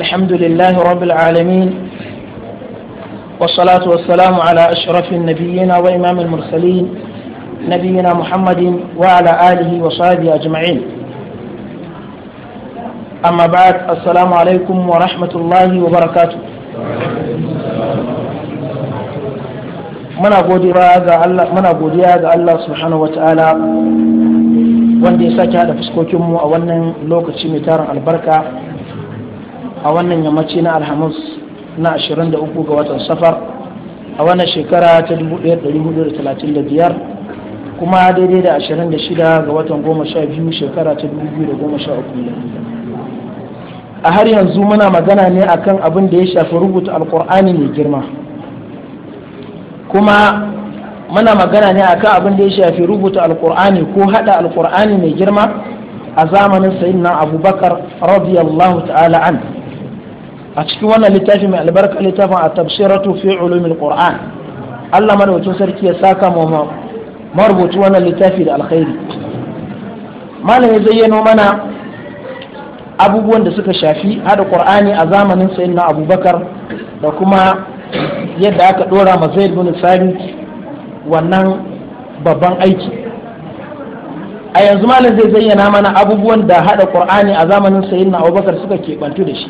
الحمد لله رب العالمين والصلاة والسلام على أشرف النبيين وإمام المرسلين نبينا محمد وعلى آله وصحبه أجمعين أما بعد السلام عليكم ورحمة الله وبركاته من godiya ga الله سبحانه وتعالى ga Allah على wataala wanda ya sake hada fuskokin mu a wannan yammaci na alhamis na 23 ga watan safar a wannan shekara ta 1435 kuma daidai da 26 ga watan 12 shekara ta 2013 a har yanzu muna magana ne akan abin da ya shafi rubuta alkur'ani mai girma kuma muna magana ne akan abin da ya shafi rubuta alkur'ani ko hada alkur'ani mai girma a zamanin sayyidina abubakar radiyallahu ta'ala an a cikin wannan littafi mai albarka littafin a tafsiratu fi ulumin qur'an Allah madaukakin sarki ya saka ma marubuci wannan littafi da alkhairi malami zayyano mana abubuwan da suka shafi hada qur'ani a zamanin sayyidina abubakar da kuma yadda aka dora ma zaid bin sabit wannan babban aiki a yanzu malam zai zayyana mana abubuwan da hada qur'ani a zamanin sayyidina abubakar suka keɓantu da shi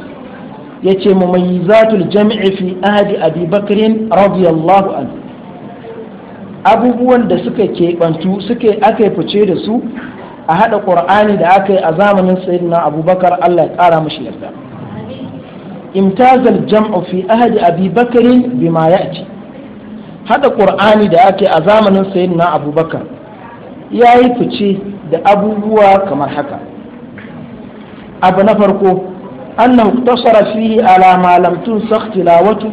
yace mumayyizatul jam'i fi ahdi abi bakrin radiyallahu anhu abubuwan da suka keɓantu suke aka fice da su a haɗa ƙur'ani da aka yi a zamanin sayyidina abubakar allah ya kara mashi yarda imtazal jam'u fi ahadi abi bakarin bima ya'ti haɗa ƙur'ani da aka yi a zamanin sayyidina abubakar ya yi fice da abubuwa kamar haka abu na farko أنه اقتصر فيه على ما لم تنسخ تلاوته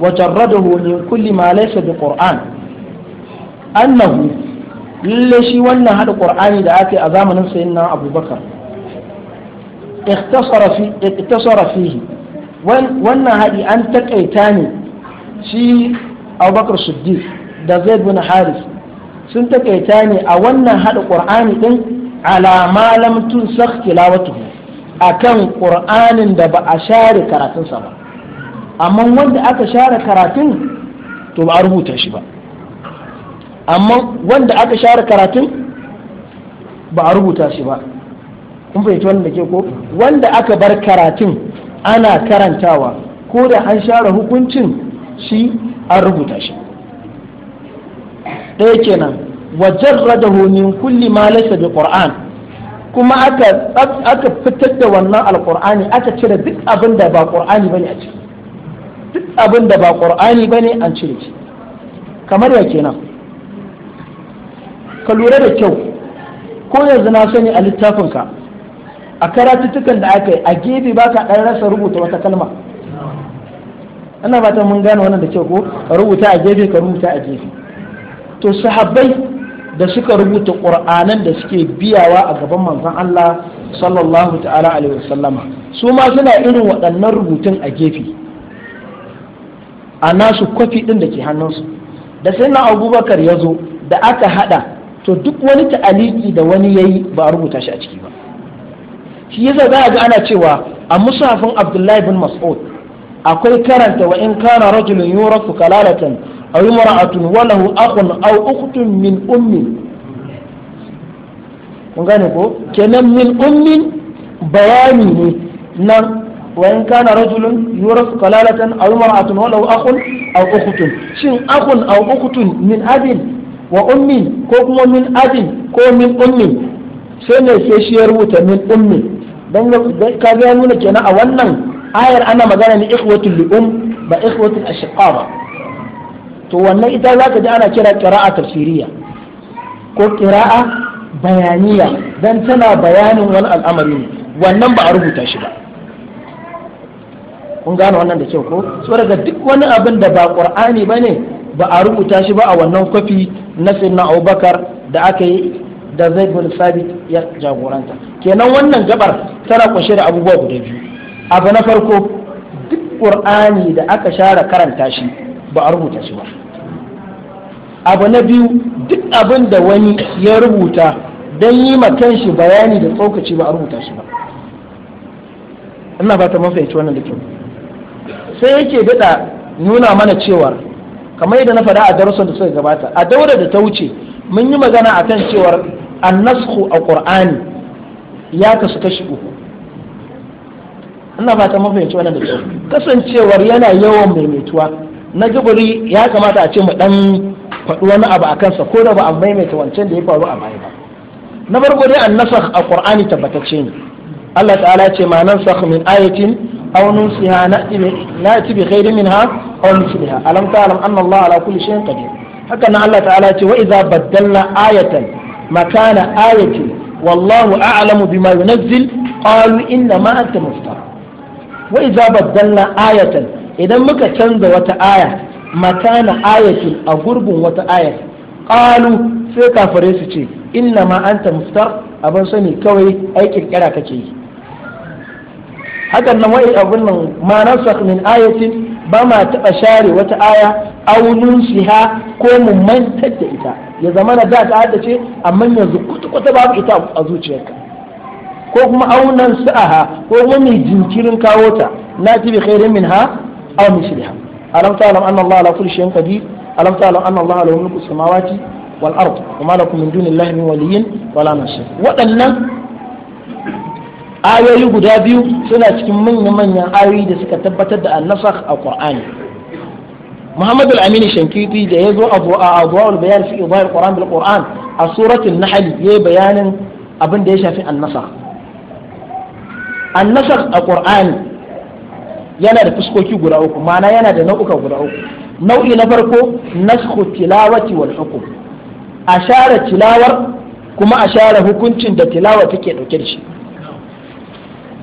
وجرده من كل ما ليس بقرآن أنه لشي ولا هذا القرآن إذا أتي أزامن سيدنا أبو بكر اختصر فيه اقتصر فيه وأن هذه أن تكيتاني شي أبو بكر الصديق da zaid bin haris sun takaita ne a wannan hada qur'ani din ala ma lam tunsakh tilawatuhu akan ƙur'anin da ba a share karatunsa ba amma wanda aka share karatun to ba a rubuta shi ba amma wanda aka share karatun ba a rubuta shi ba kun fahimci wannan da ke ko wanda aka bar karatun ana karantawa ko da an share hukuncin shi an rubuta shi ɗaya kenan wajen radahu min kulli ma laysa bi qur'an kuma aka aka fitar da wannan alqur'ani aka cire duk abin da ba qur'ani bane a ciki duk abin da ba qur'ani bane an cire shi kamar ya kenan ka lura da kyau ko yanzu na sani a littafinka a karatuttukan da aka yi a gefe ba ka ɗan rasa rubuta wata kalma ana fatan mun gane wannan da kyau ko rubuta a gefe ka rubuta a gefe to sahabbai da suka rubuta ƙur'anan da suke biyawa a gaban manzon Allah sallallahu ta'ala alaihi wasallama su ma suna irin waɗannan rubutun a gefe a nasu kwafi ɗin da ke hannunsu da sai na abubakar ya zo da aka haɗa to duk wani ta'aliki da wani ya yi ba a rubuta shi a ciki ba shi yasa za a ga ana cewa a musafin abdullahi bin mas'ud akwai karanta wa in kana rajulun yurasu kalalatan aw imra'atun wa lahu akhun aw ukhtun min ummi kun gane ko kenan min ummin bayani ne nan wa in kana rajulun yurasu kalalatan aw imra'atun wa lahu akhun au ukhtun shin akhun au ukhtun min abin wa ummin ko kuma min abin ko min ummin sai ne sai shi ya rubuta min ummin dan ka ga nuna kenan a wannan ayar ana magana ne ikhwatul li'um ba ikhwatul ashqa ba to wannan ita za ka ji ana kira ƙira'a tafsiriya ko ƙira'a bayaniya don tana bayanin wani al'amari ne wannan ba a rubuta shi ba kun gane wannan da kyau ko so daga duk wani abin da ba ƙur'ani ba ne ba a rubuta shi ba a wannan kwafi na sirna abubakar da aka yi da zai bin sabit ya jagoranta kenan wannan gabar tana kunshe da abubuwa guda biyu abu na farko duk ƙur'ani da aka share karanta shi ba a rubuta shi ba abu na biyu duk abin da wani ya rubuta don yi ma kanshi bayani da tsokaci ba a rubuta shi ba ina ba ta mafaici wannan da kyau sai yake daɗa nuna mana cewar kamar yadda na faɗa a darussan da suka gabata a daura da ta wuce mun yi magana a kan cewar annasku a ƙur'ani ya kasu kashi uku ina ba ta mafaici wannan da kyau kasancewar yana yawan maimaituwa na jibiri ya kamata a ce mu dan faɗi wani abu a kansa ko da ba a maimaita wancan da ya faru a baya ba na farko dai an nasa a qur'ani tabbatacce ne Allah ta'ala ce ma nan sa min ayatin aw nusiha na'ti bi khairin minha aw nusliha alam ta'lam anna Allah ala kulli shay'in qadir haka nan Allah ta'ala ce wa idza baddalna ayatan makana ayatin wallahu a'lamu bima yunazzil qalu inna ma anta muftar wa idza baddalna ayatan idan muka canza wata aya na ayatin a gurbin wata aya ƙalu sai kafare su ce inna ma anta muftar abin sani kawai aikin kira kake yi hakan nan wai abun nan ma nasakh min ayatin ba ma taɓa share wata aya shi shiha ko mun mantar da ita ya zama na da ta ce, amma yanzu kwata-kwata babu ita a zuciyarka ko kuma aunan sa'aha ko kuma mai jinkirin kawo ta na tibi khairin min ha aw misliha alam ta'lam anna Allah ala kulli shay'in mulku samawati wal ard wa ma lakum min dunillahi min waliyyin wala nasir waɗannan ayoyi guda biyu suna cikin manya-manyan ayoyi da suka tabbatar da annasakh a Qur'ani Muhammad al-Amin Shankiti da ya zo a Adwa'ul bayani fi Idhar Qur'an bil Qur'an a suratul Nahl ya bayanin abin da ya shafi annasakh annasakh a ƙur'ani. yana da fuskoki guda uku ma'ana yana da nau'uka guda uku nau'i na farko naskhu tilawati wal hukum a share tilawar kuma a share hukuncin da tilawa take dauke da shi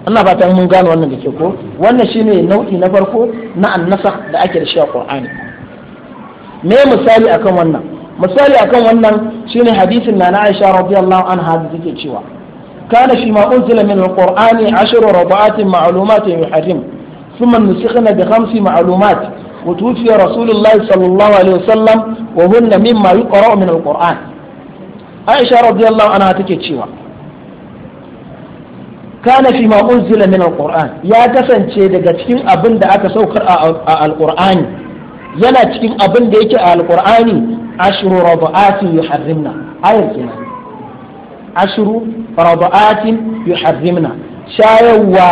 Allah fatan mun gano wannan da ke ko wannan shine nau'i na farko na annasa da ake da shi a Qur'ani me misali akan wannan misali akan wannan shine hadisin na Aisha radiyallahu anha da take cewa kana shi ma unzila min al-Qur'ani ashru rabaatin ma'lumatin yuharrim ثم نسخنا بخمس معلومات وتوفي رسول الله صلى الله عليه وسلم وهن مما يقرأ من القرآن عائشة رضي الله عنها تكتشيوا كان فيما أنزل من القرآن يا كسن شيء تكين أبن دعك سوكر القرآن yana cikin abin da yake a alkur'ani ashru rabaatin yuharrimna ayar kenan ashru rabaatin yuharrimna shayarwa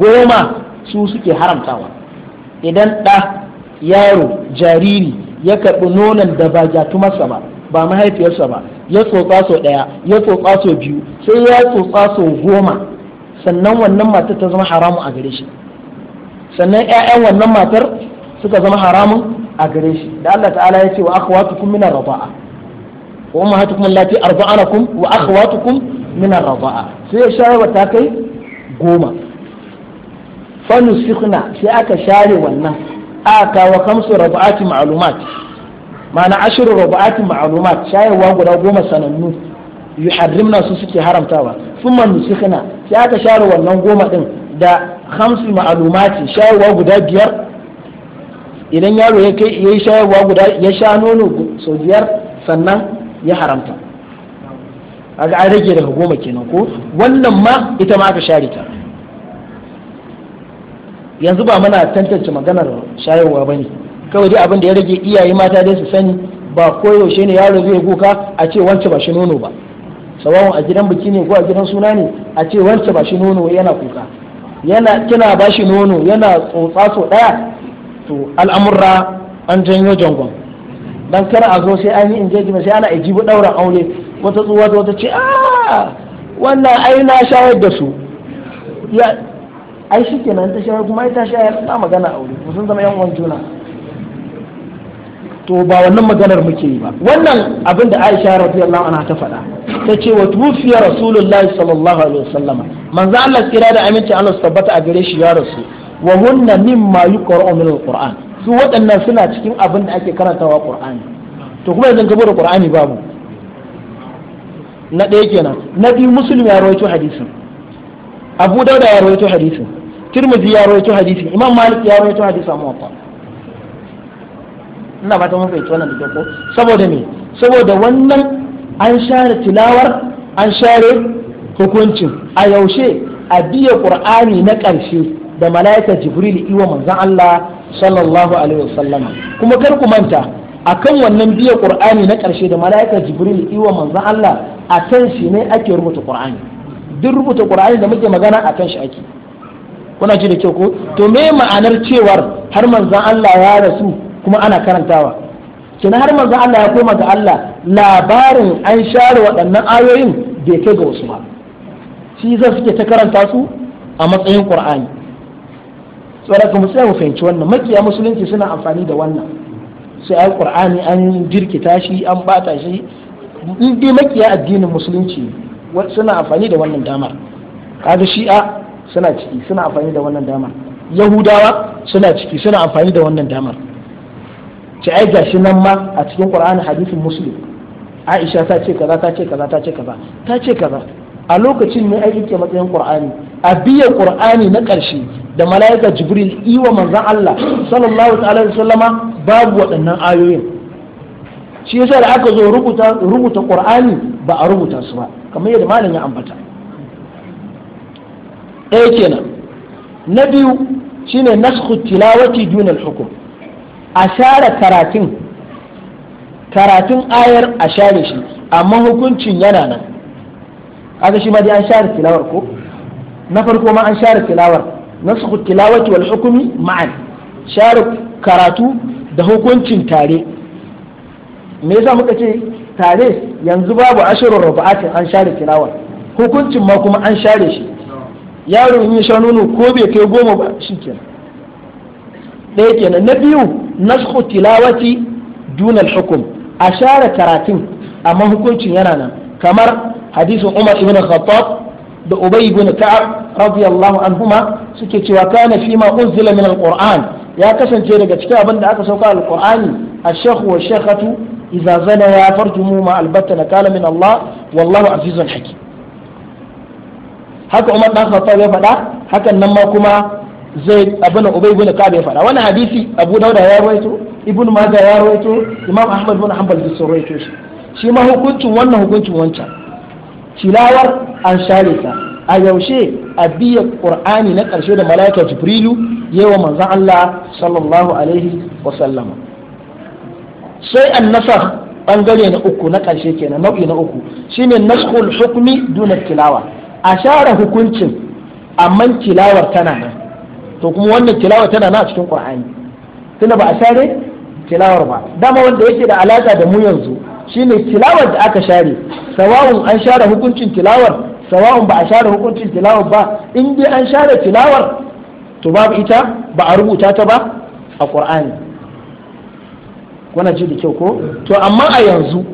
goma su suke haramtawa idan ɗa yaro jariri ya karɓi nonon da ba masa ba ba mahaifiyarsa ba ya tsotsa sau ɗaya ya tsotsa sau biyu sai ya tsotsa sau goma sannan wannan matar ta zama haramun a gare shi sannan 'ya'yan wannan matar suka zama haramun a gare shi da Allah ta'ala ya ce wa akhwatukum min ar-raba'a wa ummahatukum allati arba'anakum wa akhwatukum min ar-raba'a sai ya shayar ta kai goma fanusikhna sai aka share wannan aka wa kamsu rabu'ati ma'lumat ma'ana ashiru rabu'ati ma'lumat shayarwa guda goma sanannu yuharrimna su suke haramtawa thumma nusikhna sai aka share wannan goma din da khamsu ma'lumati shayarwa guda biyar idan yaro ya kai yayi shayarwa guda ya sha nono sau biyar sannan ya haramta kaga an rage daga goma kenan ko wannan ma ita ma aka share ta yanzu ba muna tantance maganar shayarwa ba ne kawai dai abin da ya rage iyaye mata dai su sani ba koyaushe ne yaro zai kuka a ce wance ba shi nono ba sawawan a gidan biki ne ko a gidan suna ne a ce wance ba shi nono yana kuka yana kina ba shi nono yana tsotsa so daya to al'amurra an janyo jangon dan kana a zo sai an yi engagement sai ana ajibu dauran aure wata tsuwa wata ce a ah, wannan ai na shayar da su ai shi nan ta shayar kuma ta shayar ba magana aure wuri sun zama yan uwan juna to ba wannan maganar muke yi ba wannan abin da Aisha radiyallahu anha ta faɗa ta ce wa tufiya rasulullahi sallallahu alaihi wasallama manzo Allah kira da aminci Allah tabbata a gare shi ya rasu wa hunna mimma yuqra'u min alquran su waɗannan suna cikin abin da ake karantawa qur'ani to kuma idan gaba da qur'ani babu na ɗaya kenan na biyu muslim ya rawaito hadisin abu dauda ya rawaito hadisin tirmidhi ya rawaito hadisin imam malik ya rawaito hadisin amma ba ina fata mun fahimci wannan da ko saboda me saboda wannan an share tilawar an share hukuncin a yaushe a biya qur'ani na ƙarshe da malaika jibril iwa manzon Allah sallallahu alaihi wasallam kuma kar ku manta akan wannan biya qur'ani na ƙarshe da malaika jibril iwa manzon Allah akan shi ne ake rubuta qur'ani duk rubuta ƙura'ani da muke magana a kan shi ake kuna ji da kyau ko to me ma'anar cewar har manzon Allah ya rasu kuma ana karantawa kina har manzon Allah ya koma ga Allah labarin an share waɗannan ayoyin bai kai ga wasu ba shi zai suke ta karanta su a matsayin ƙura'ani tsara mu sai mu fahimci wannan makiya musulunci suna amfani da wannan sai ai ƙura'ani an jirkita shi an bata shi in dai makiya addinin musulunci suna amfani da wannan damar kaga shi'a suna ciki suna amfani da wannan damar yahudawa suna ciki suna amfani da wannan damar ci ai gashi nan ma a cikin qur'ani hadisin muslim aisha ta ce kaza ta ce kaza ta ce kaza ta ce kaza a lokacin ne ai yake matsayin qur'ani a biyan qur'ani na ƙarshe da mala'ika jibril iwa manzon Allah sallallahu alaihi wasallama babu waɗannan ayoyin shi yasa da aka zo rubuta rubuta qur'ani ba a rubuta su ba kamar yadda malam ya ambata ɗaya kenan na biyu shine naskhu tilawati dun al-hukm a share karatun karatun ayar a share shi amma hukuncin yana nan kaga shi ma dai an share tilawar ko na farko ma an share tilawar nasu tilawati wal hukumi ma'an share karatu da hukuncin tare me yasa muka ce tare yanzu babu ashirin ruba'atin an share tilawar hukuncin ma kuma an share shi yaro in sha nono ko bai kai goma ba shi kenan ɗaya kenan na biyu nashu tilawati dunal hukum a share karatun amma hukuncin yana nan kamar hadisin umar ibn khattab da ubay ibn ka'ab radiyallahu anhuma suke cewa kana fi ma unzila min alquran ya kasance daga cikin abin da aka sauka alqurani ash-shaykh wa shaykatu إذا زنيا فرجموا ما البتنا قال من wallahu والله عزيز حكيم haka Umar dan Khattab ya faɗa hakan nan ma kuma zai abin Ubay ibn ya faɗa wannan hadisi Abu Dawud ya rawaito Ibn Majah ya rawaito Imam Ahmad ibn Hanbal da sun rawaito shi shi ma hukuncin wannan hukuncin wancan tilawar an a yaushe a biya Qur'ani na ƙarshe da malaika Jibrilu wa manzon Allah sallallahu alaihi wa sallama sai an nasar bangare na uku na karshe kenan nau'i na uku shine naskhul hukmi duna tilawa a share hukuncin amma tilawar tana nan to kuma wannan tilawar tana nan a cikin qur'ani tunda ba a share tilawar ba dama wanda yake da alaka da mu yanzu shine tilawar da aka share sawa'un an share hukuncin tilawar sawa'un ba a share hukuncin tilawar ba in dai an share tilawar to babu ita ba a rubuta ta ba a qur'ani wannan ji da kyau ko to amma a yanzu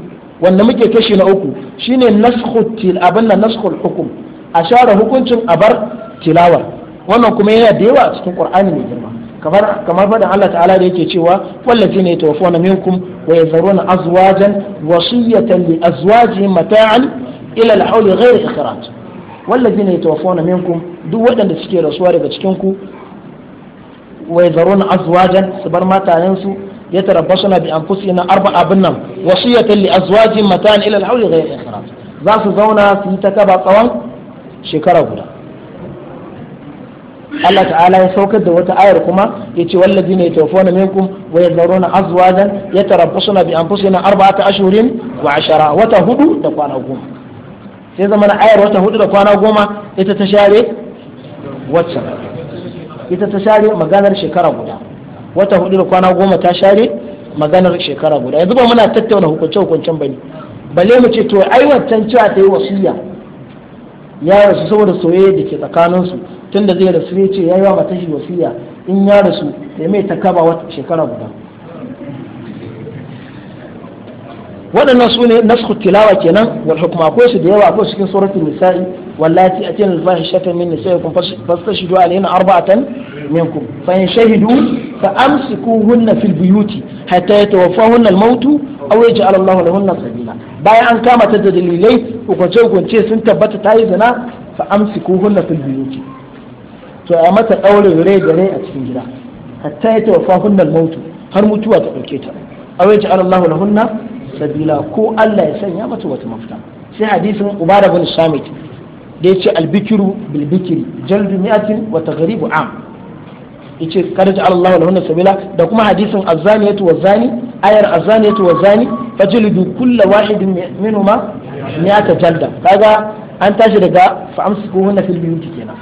wanda muke kashi na uku shine naskhu til abin nan naskhul hukum a share hukuncin abar tilawar wannan kuma yana da yawa a cikin qur'ani mai girma kamar kamar faɗin Allah ta'ala da yake cewa wallazi ne tawaffawna minkum wa yazaruna azwajan wasiyatan li azwajihim mata'an ila al-hawl ghayr ikhraj wallazi ne tawaffawna minkum duk waɗanda suke rasuwa daga cikin ku wa yazaruna azwajan su bar matayensu Ya yatarabbasuna bi anfusihina arba abin nan wasu wasiyatan li azwajin matan ila al-hawli ghayr ikhraj za su zauna su yi ta kaba tsawon shekara guda Allah ta'ala ya saukar da wata ayar kuma ya ce wallazi ne tawfona minkum wa ya yazaruna azwajan yatarabbasuna bi arba ta ashirin wa ashara wata hudu da kwana goma sai zama na ayar wata hudu da kwana goma ita ta share wacce ita ta share maganar shekara guda wata hudu da kwana goma ta share maganar shekara guda yanzu ba muna tattauna hukunce hukuncen bane balle mu ce to ai wancan cewa ta yi wasiya ya rasu saboda soyayya da ke tsakanin su tunda zai rasu ya ce ya yi wa matashi wasiya in ya rasu da mai ta kaba wata shekara guda waɗannan su ne nasu tilawa kenan wal hukma akwai su da yawa akwai cikin suratul nisa'i wallati atina al-fahishata min nisa'ikum fastashidu alayna arba'atan minkum fa in shahidu fa amsikuhunna fil buyuti hatta yatawaffahunna al mautu, aw yaj'al Allah lahunna sabila bayan an kama ta dalilai hukunce hukunce sun tabbata ta yi zina fa amsikuhunna fil buyuti to a mata daure rai da rai a cikin gida hatta yatawaffahunna al-maut har mutuwa ta dauke ta aw yaj'al Allah lahunna sabila ko Allah ya sanya mata wata mafita sai hadisin ubada bin samit da yace albikiru bil bikri jaldu mi'atin wa taghribu am yace kada ta Allah lahunna sabila da kuma hadisin azaniyatu wa zani ayar azaniyatu wa zani fajlidu kulla wahidin minhuma mi'ata jalda kaga an tashi daga fa amsikuhunna fil biyuti kenan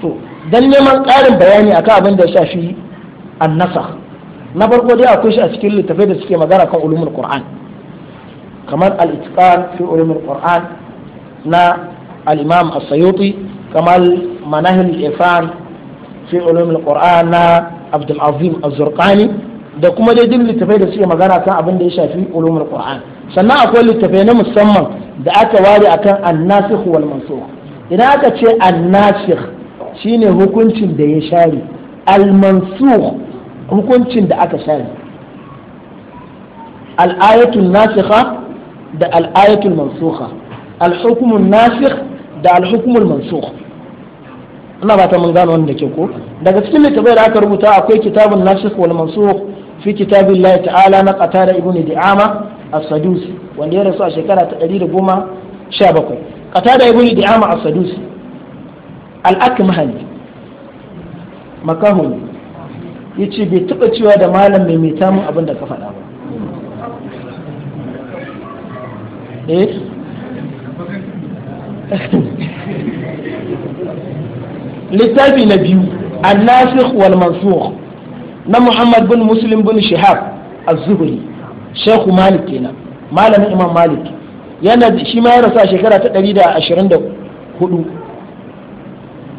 to dan neman ƙarin bayani akan abin da ya shafi annasa na farko dai akwai shi a cikin littafai da suke magana kan ulumul qur'an kamar al-itqan fi ulumul qur'an na al-imam as-sayuti kamar manahil ifan fi ulumul qur'an na abdul azim az-zurqani da kuma dai duk littafai da suke magana kan abin da ya shafi ulumul qur'an sannan akwai littafai na musamman da aka ware akan an-nasikh wal mansukh idan aka ce an-nasikh shine hukuncin da ya share al-mansukh hukuncin da aka share al'ayatul nasiha da al'ayatul mansukha Alhukumun hukmun da alhukumun hukmul mansukh ina ba ta mun gano wanda ke ko daga cikin littafai da aka rubuta akwai kitabun nasikh wal mansukh fi kitabillahi ta'ala na qatada ibnu di'ama as-sadusi wanda ya rasu a shekara ta ɗari da goma sha 117 qatada ibnu di'ama as-sadusi al-akmahani makahuni ya ce bai taɓa cewa da malam mai mai min abin da ka faɗa ba eh? littafi na biyu annasikh wal mansur na muhammad bin muslim bin shihab az-zuhri Shehu malik kenan malamin imam malik yana shi ma ya rasa shekara ta ɗari 124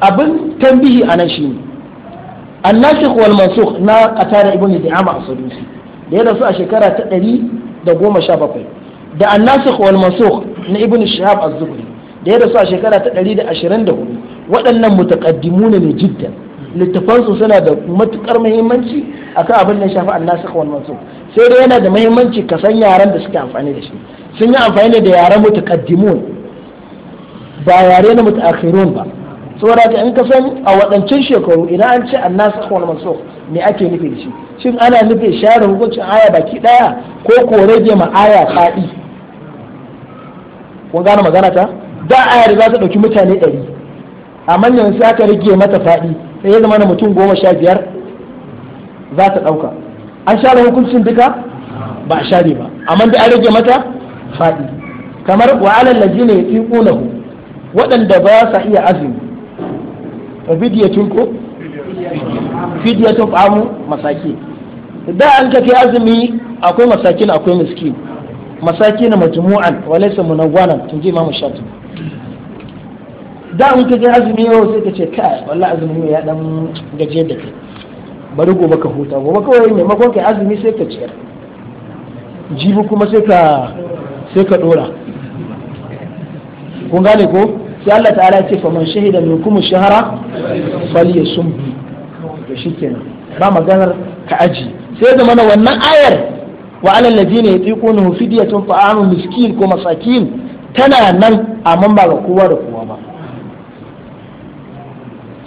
abin tambihi a shi shine annasikh wal mansukh na qatada ibn di'ama a sadusi da ya su a shekara ta 117 da annasikh wal mansukh na ibn shihab az zubri da ya su a shekara ta hudu waɗannan mutaqaddimuna ne jidda littafansu suna da matukar muhimmanci akan abin da shafi annasikh wal mansukh sai dai yana da muhimmanci ka san yaran da suke amfani da shi sun yi amfani da yaran mutaqaddimun ba yare na mutaakhirun ba saboda ka in ka san a waɗancan shekaru idan an ce annasu wal mansukh me ake nufi da shi shin ana nufin share hukuncin aya baki ɗaya ko ko rage ma aya faɗi kun gane magana ta da ayar za ta ɗauki mutane ɗari amma yanzu sai aka rage mata faɗi sai ya zama na mutum goma sha biyar za ta ɗauka an share hukuncin duka ba a share ba amma da an rage mata faɗi kamar wa alal ladina yafiqunahu waɗanda ba sa iya azumi fidiyatun ko fidiyatun famu masaki da an ka kai azumi akwai masakin akwai miskin masakin majmu'an wa laysa munawwanan ji imamu shatu da an ka kai azumi yau sai ka ce kai wallahi azumi ya dan gaje da kai bari gobe ka huta gobe kawai makon kai azumi sai ka ciyar jibi kuma sai ka sai ka dora kun gane ko sai Allah ta'ala ya ce faman shahida minkum shahara falyasum shi shikenan ba maganar ka aji sai da mana wannan ayar wa alal ladina yutiqunahu fidyatun ta'amu miskin ko masakin tana nan amma ba ga kowa da kowa ba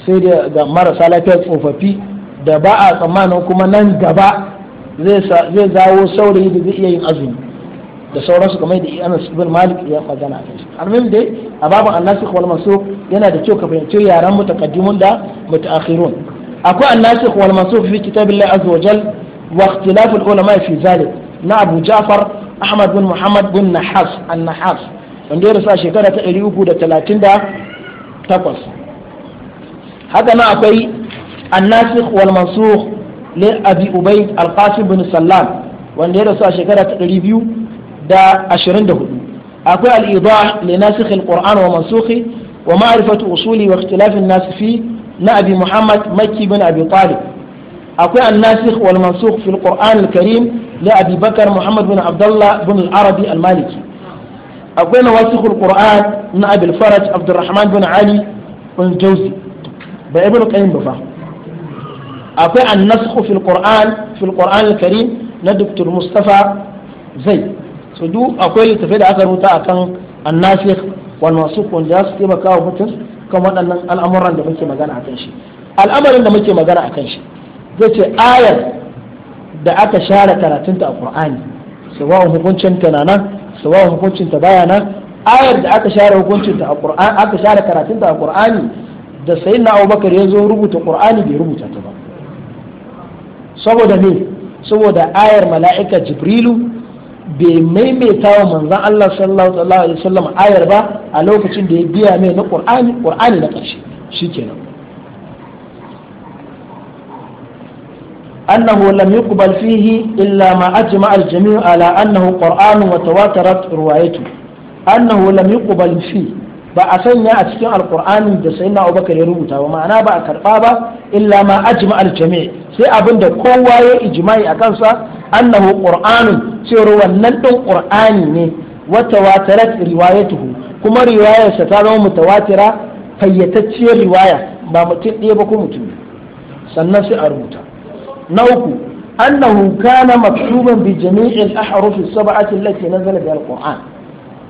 sai da ga marasa lafiya tsofaffi da ba a tsammanin kuma nan gaba zai zawo saurayi da zai iya yin azumi da sauransu kamar da Anas ibn Malik ya magana a kansu almin dai a babu annasikh wal mansukh yana da kyau ka fahimci yaran mutaqaddimun da mutaakhirun akwai annasikh wal mansukh fi kitabillahi azza wa jal wa ikhtilaf al ulama fi zalik na Abu Ja'far Ahmad bin Muhammad bin Nahas an-Nahas wanda ya rasa shekara ta 338 haka nan akwai annasikh wal mansukh li Abi Ubayd al-Qasim bin Sallam wanda ya rasu shekara ta 200 دا أشرين ده أقول الإيضاح لناسخ القرآن ومنسوخه ومعرفة أصوله واختلاف الناس فيه نبي محمد مكي بن أبي طالب أقول الناسخ والمنسوخ في القرآن الكريم لأبي بكر محمد بن عبد الله بن العربي المالكي أقول نواسخ القرآن من أبي الفرج عبد الرحمن بن علي بن جوزي بإبن القيم بفهم أقول النسخ في القرآن في القرآن الكريم ندكتور مصطفى زيد su duk akwai littafi da aka rubuta akan annashir wal mansukh wanda za su taimaka wa mutum kan waɗannan al'amuran da muke magana akan shi al'amarin da muke magana akan shi zai ce ayar da aka share karatunta a Qur'ani sawa hukuncin ta nan sawa hukuncin ta baya nan ayar da aka share hukuncin ta a Qur'ani aka share karatunta a Qur'ani da sayyidina Abubakar ya zo rubuta Qur'ani bai rubuta ta ba saboda ne saboda ayar mala'ika Jibrilu bai maimaita wa manzan Allah sallallahu alaihi ayar ba a lokacin da ya biya mai na ƙur'ani ƙur'ani na ƙarshe shi kenan annahu lam yuqbal fihi illa ma ajma al jami'u ala annahu qur'an wa tawatarat ruwayatu annahu lam yuqbal fi ba a sanya a cikin Alƙur'ani da saina abubakar ya rubuta ba ma'ana ba a karba ba illa ma ajma al jami' sai abinda kowa ya ijma'i akan sa annahu qur'anun cewa wannan din qur'ani ne wa tawatarat riwayatuhu kuma riwayarsa ta zama mutawatira fayyatacciyar riwaya ba mutum ɗaya ba ko mutum sannan sai a rubuta na uku annahu kana maktuban bi jami'il ahruf as-sab'ati allati nazala biha al-qur'an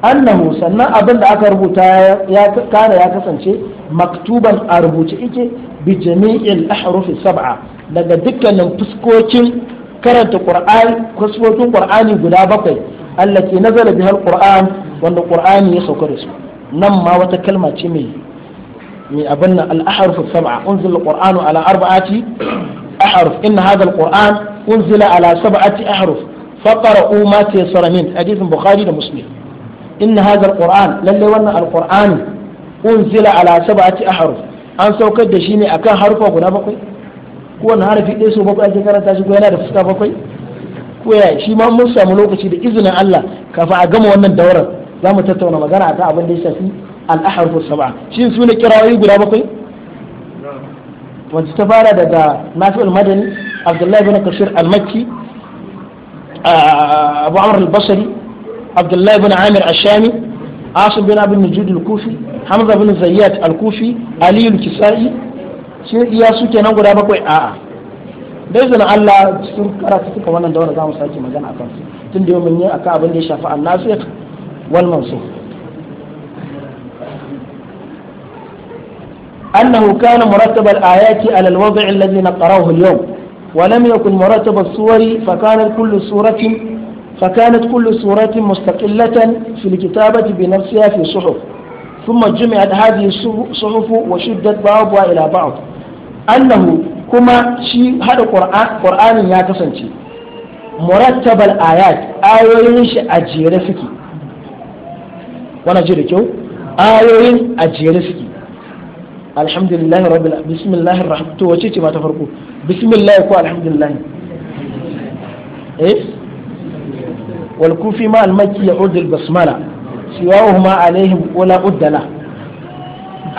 annahu sannan abin da aka rubuta ya kana ya kasance maktuban a rubuce ike bi jami'il ahruf as-sab'a daga dukkanin fuskokin karanta qur'ani kusurotun qur'ani guda bakwai allati nazala bihal qur'an wanda qur'ani ya sauka da su nan ma wata kalma ce mai mai abin nan al-ahrufu sab'a unzila al-qur'anu ala arba'ati ahruf inna hadha al-qur'an unzila ala sab'ati ahruf faqra'u ma tayassara min hadithin bukhari da muslim inna hadha al-qur'an lalle wannan al-qur'ani unzila ala sab'ati ahruf an saukar da shi ne akan harfa guda bakwai kowane harafi ɗaya so bakwai ake karanta shi ko yana da fuska bakwai ko ya shi ma mun samu lokaci da izinin Allah kafin a gama wannan daurar za mu tattauna magana a ta abin da ya shafi al'aharfu saba'a. shi su ne kirawoyi guda bakwai wacce ta fara daga nafi'ul madani abdullahi bin kashir al-makki abu amr al-basri abdullahi bin amir ashami asim bin abin najud al-kufi hamza bin zayyat al-kufi Aliyu al-kisai iya guda bakwai Allah cikin karatu suka wannan daura za mu sake magana tun da abin da ya shafi wal أنه كان مرتب الآيات على الوضع الذي نقرأه اليوم ولم يكن مرتب الصور فكانت كل سورة فكانت كل سورة مستقلة في الكتابة بنفسها في صحف ثم جمعت هذه الصحف وشدت بعضها إلى بعض annahu kuma shi hada qur'anin ya kasance murattabal ayat ayoyin shi a jere suke wannan ji da kyau ayoyin a jere suke alhamdulillah rabbil bismillahir rahman to wace ce ma ta farko bismillah ko alhamdulillah eh wal kufi ma al makki ya'ud al basmala siwahuma alaihim wala uddala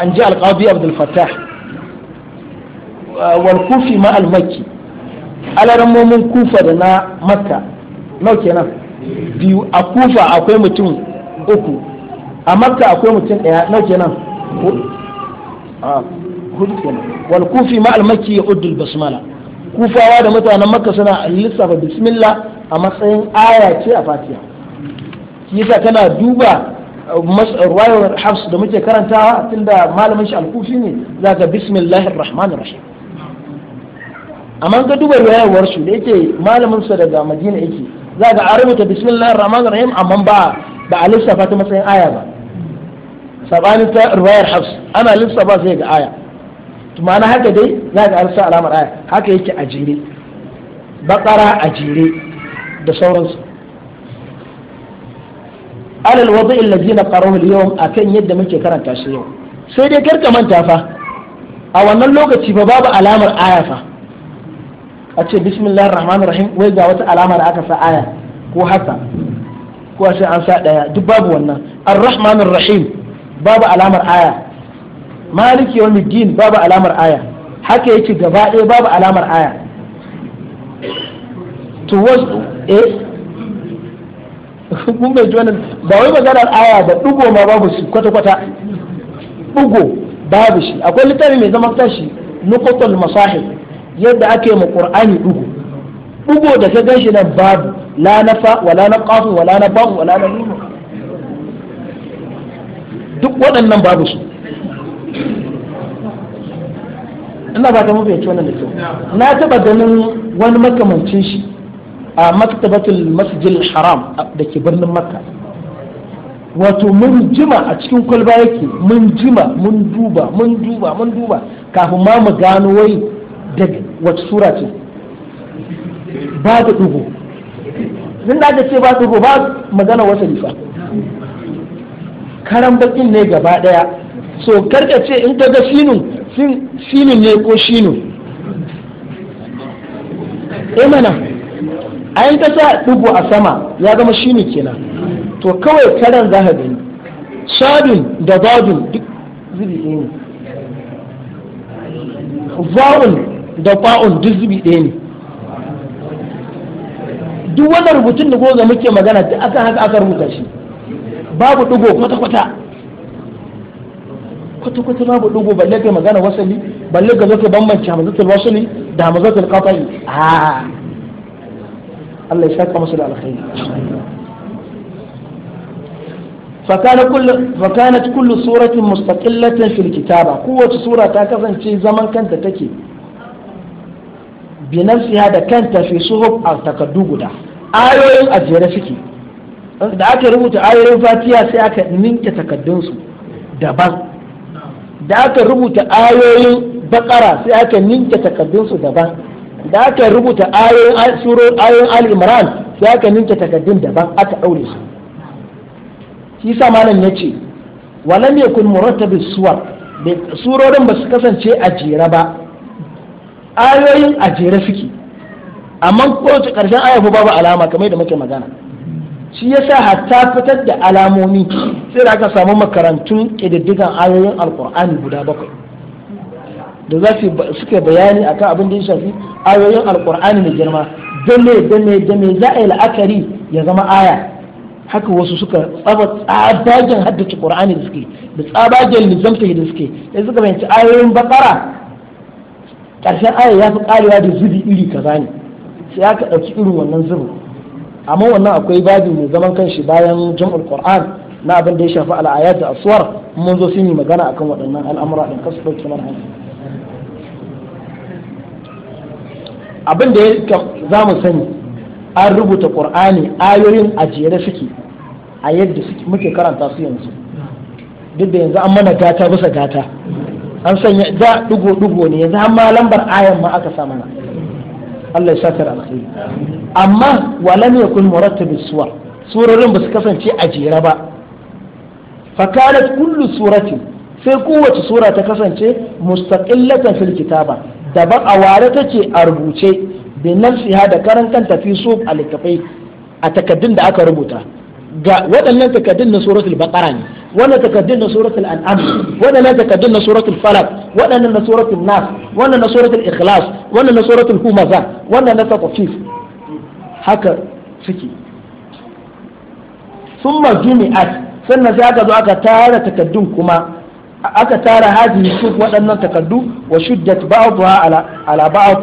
an ji al qadi abdul fattah walkufi kufi ma al makki alarammomin kufa da na makka nau kenan biyu a kufa akwai mutum uku a makka akwai mutum ɗaya nau kenan hudu kenan walkufi kufi ma al makki ya uddul basmala kufawa da mutanen makka suna lissafa bismillah a matsayin aya ce a fatiya yasa tana duba ruwayar hafs da muke karantawa tunda malamin shi al-kufi ne zaka bismillahir rahmanir rahim amma ka duba wayarwar su da yake malamin sa daga madina yake za ga an rubuta bismillahir rahmanir rahim amma ba ba a lissafa ta matsayin aya ba sabanin ta riwayar hafs ana lissafa sai ga aya to ma'ana haka dai za ga an alamar aya haka yake a jere bakara a jere da sauransu alal wadi allazina qarahu al-yawm akan yadda muke karanta shi yau sai dai karka manta fa a wannan lokaci ba babu alamar aya fa a ce bismillahir rahmanir rahim wai ga wata alama da aka sa aya ko haka ko a ce an sa daya duk babu wannan ar-rahmanir rahim babu alamar aya maliki yawmiddin babu alamar aya haka yake gaba ɗaya babu alamar aya to was eh kun bai jona ba wai maganar aya da dugo ma babu shi kwata kwata dugo babu shi akwai littafi mai zaman tashi nuqatul masahib yadda ake ma qur'ani dugu dugo da ka ganshi nan babu la nafa wala qafu wala nabahu wala namimu duk waɗannan babu su ina ba ta mafi yace wannan da kyau na taba ganin wani makamancin shi a maktabatul masjidil haram da ke birnin makka wato mun jima a cikin kwalba yake mun jima mun duba mun duba mun duba kafin ma mu gano wai daga. wacce sura ce ba da dugo sun da ake ce ba dugo ba magana wata lifa karan bakin ne gaba daya so karka ce in ka ga shinun shinun ne ko shinun eh mana a ka sa dubu a sama ya zama shinu kenan to kawai karan za ka gani sadun da babin duk zubi ne za'un da fa’on duk ɗaya ne duk wannan rubutun da goza muke magana ta aka haka aka rubuta shi babu ɗigo kwata-kwata kwata-kwata babu ɗigo balle kai magana wasali balle ga zaka bambance hamazatul wasali da hamazatul kafai a Allah ya saka masa da alkhairi فكان كل فكانت كل سورة مستقلة في الكتابة قوة سورة تكفن شيء زمن كانت تكي bi siya da kanta fi suhuf a takardu guda ayoyin ajiyar suke da aka rubuta ayoyin fatiya sai aka ninke takardunsu daban da aka rubuta ayoyin bakara sai aka ninke takardunsu daban da aka rubuta ayoyin suror ayoyin al-imran sai aka ninke takardun daban aka daure su shi sa malam yace walam yakun murattabis suwar surorin ba su kasance a jira ba ayoyin a jere suke amma kowace karshen aya ko babu alama kamar da muke magana shi yasa hatta fitar da alamomi sai da aka samu makarantun kididdigan ayoyin alƙur'ani guda bakwai da za su suke bayani akan abin da ya shafi ayoyin alƙur'ani na girma dame dame dame za a yi la'akari ya zama aya haka wasu suka tsaba tsabagen haddace ƙur'ani da suke da tsabagen nizamta da suke sai suka bayanci ayoyin bakara ƙarshen aya ya fi ƙarewa da zubi iri kaza ne sai aka ɗauki irin wannan zubin amma wannan akwai babi mai zaman kanshi bayan jam'ul qur'an na abin da ya shafi al'ayat da aswar mun zo sun yi magana akan waɗannan al'amura ɗin kasu ɗauki mana hannu abin da za mu sani an rubuta qur'ani ayoyin a jere suke a yadda muke karanta su yanzu duk da yanzu an mana gata bisa gata an sanya da dugo dugo ne yanzu har ma lambar ayan ma aka sa mana Allah ya satar alkhairi amma walam yakun murattab suwar surorin ba su kasance a jere ba fa kanat kullu surati sai kowace sura ta kasance mustaqillatan fil kitaba daban a ware take a rubuce bi nafsiha da karan kanta fi su a a takaddun da aka rubuta ga waɗannan takaddun na suratul baqara ne wannan takaddun na suratul an'am wannan na takaddun na suratul Falak, wannan na suratul nas wannan na suratul ikhlas wannan na suratul humaza wannan na tafsir haka suke summa jumi'at sannan sai aka zo aka tara takaddun kuma aka tara hadin su waɗannan takaddu wa shuddat ba'dha ala ala ba'd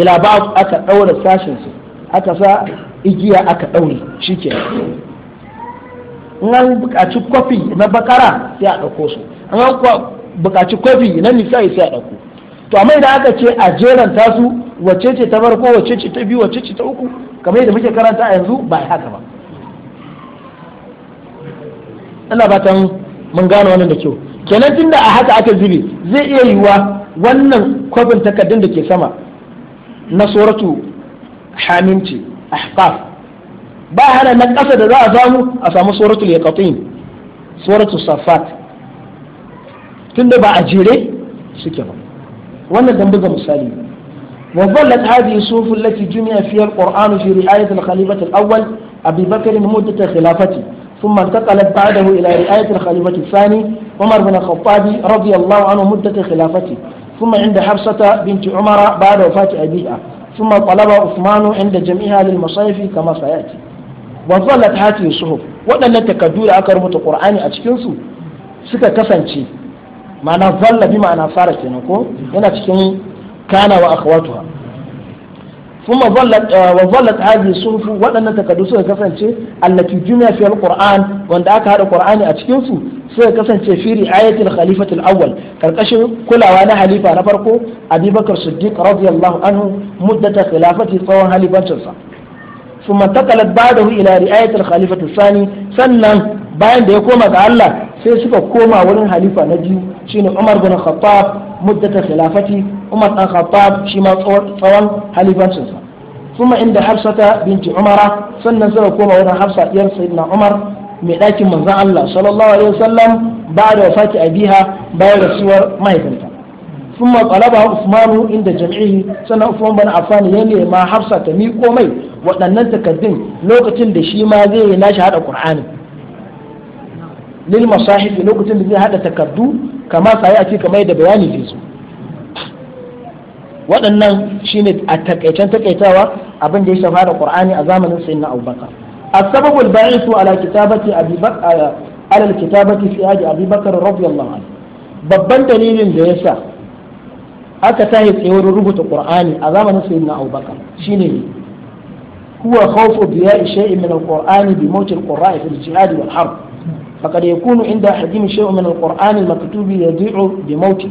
ila ba'd aka daura sashin su aka sa igiya aka daure shikenan in an buƙaci kwafi na bakara sai a ɗauko su in an buƙaci kwafi na nisa'i sai a ɗauko to amma idan aka ce a jeranta su wacce ce ta farko wacce ce ta biyu wacce ce ta uku kamar yadda muke karanta a yanzu ba haka ba ina fatan mun gane wannan da kyau kenan tunda a haka aka zube zai iya yiwuwa wannan kwafin takardun da ke sama na suratu haminci ahqaf ba hana nan ƙasa da za a samu a samu suratul yaqatin suratul safat tunda ba a jere suke ba wannan dan buga misali wa dhallat hadhihi suful lati jumi'a fiha al-qur'an fi ri'ayat al-khalifah al-awwal abi bakr muddat khilafati ثم انتقلت بعده إلى رعاية الخليفة الثاني عمر بن الخطاب رضي الله عنه مدة خلافته ثم عند حفصة بنت عمر بعد وفاة أبيها ثم طلب عثمان عند جميعها للمصايف كما سيأتي wazzalat hati suhuf waɗannan takaddu da aka rubuta qur'ani a cikin su suka kasance ma'ana zalla bi ma'ana fara kenan ko yana cikin kana wa akhwatuha ثم ظلت وظلت هذه waɗannan takardu suka kasance allati jumi'a fi alquran wanda aka hada qur'ani a cikin su suka kasance fi ri'ayatil khalifati al-awwal karkashin kulawa na halifa na farko abubakar siddiq radiyallahu anhu muddata khilafati tsawon halifancinsa ثم انتقلت بعده إلى رعاية ta Sani sannan bayan da ya koma ga Allah sai suka koma wurin halifa na biyu shine Umar bin Khattab muddata khilafati Umar dan Khattab shi ma tsawon halifancinsa kuma inda Hafsata binti Umara sannan suka koma wurin Hafsa diyar Sayyidina Umar mai ɗakin manzon Allah sallallahu alaihi wasallam ba da wafati abiha bayan rasuwar mahaifinta ثم طلبها عثمان عند جمعه سنة عثمان بن عفان يلي ما حفصة تميقو komai. waɗannan takaddun lokacin da shi ma zai yi nashi hada qur'ani lil masahif lokacin da zai haɗa takardu kama sai a ce kamar da bayani zai su. waɗannan shine a takaicen takaitawa abin da ya shafa da qur'ani a zamanin sayyidina abubakar السبب البعيث على كتابة أبي بكر على الكتابة في عهد أبي بكر رضي الله عنه babban dalilin da ya sa aka tahi tsayuwar rubuta qur'ani a zamanin sayyidina abubakar shine هو خوف ضياء شيء من القرآن بموت القراء في الجهاد والحرب فقد يكون عند أحدهم شيء من القرآن المكتوب يضيع بموته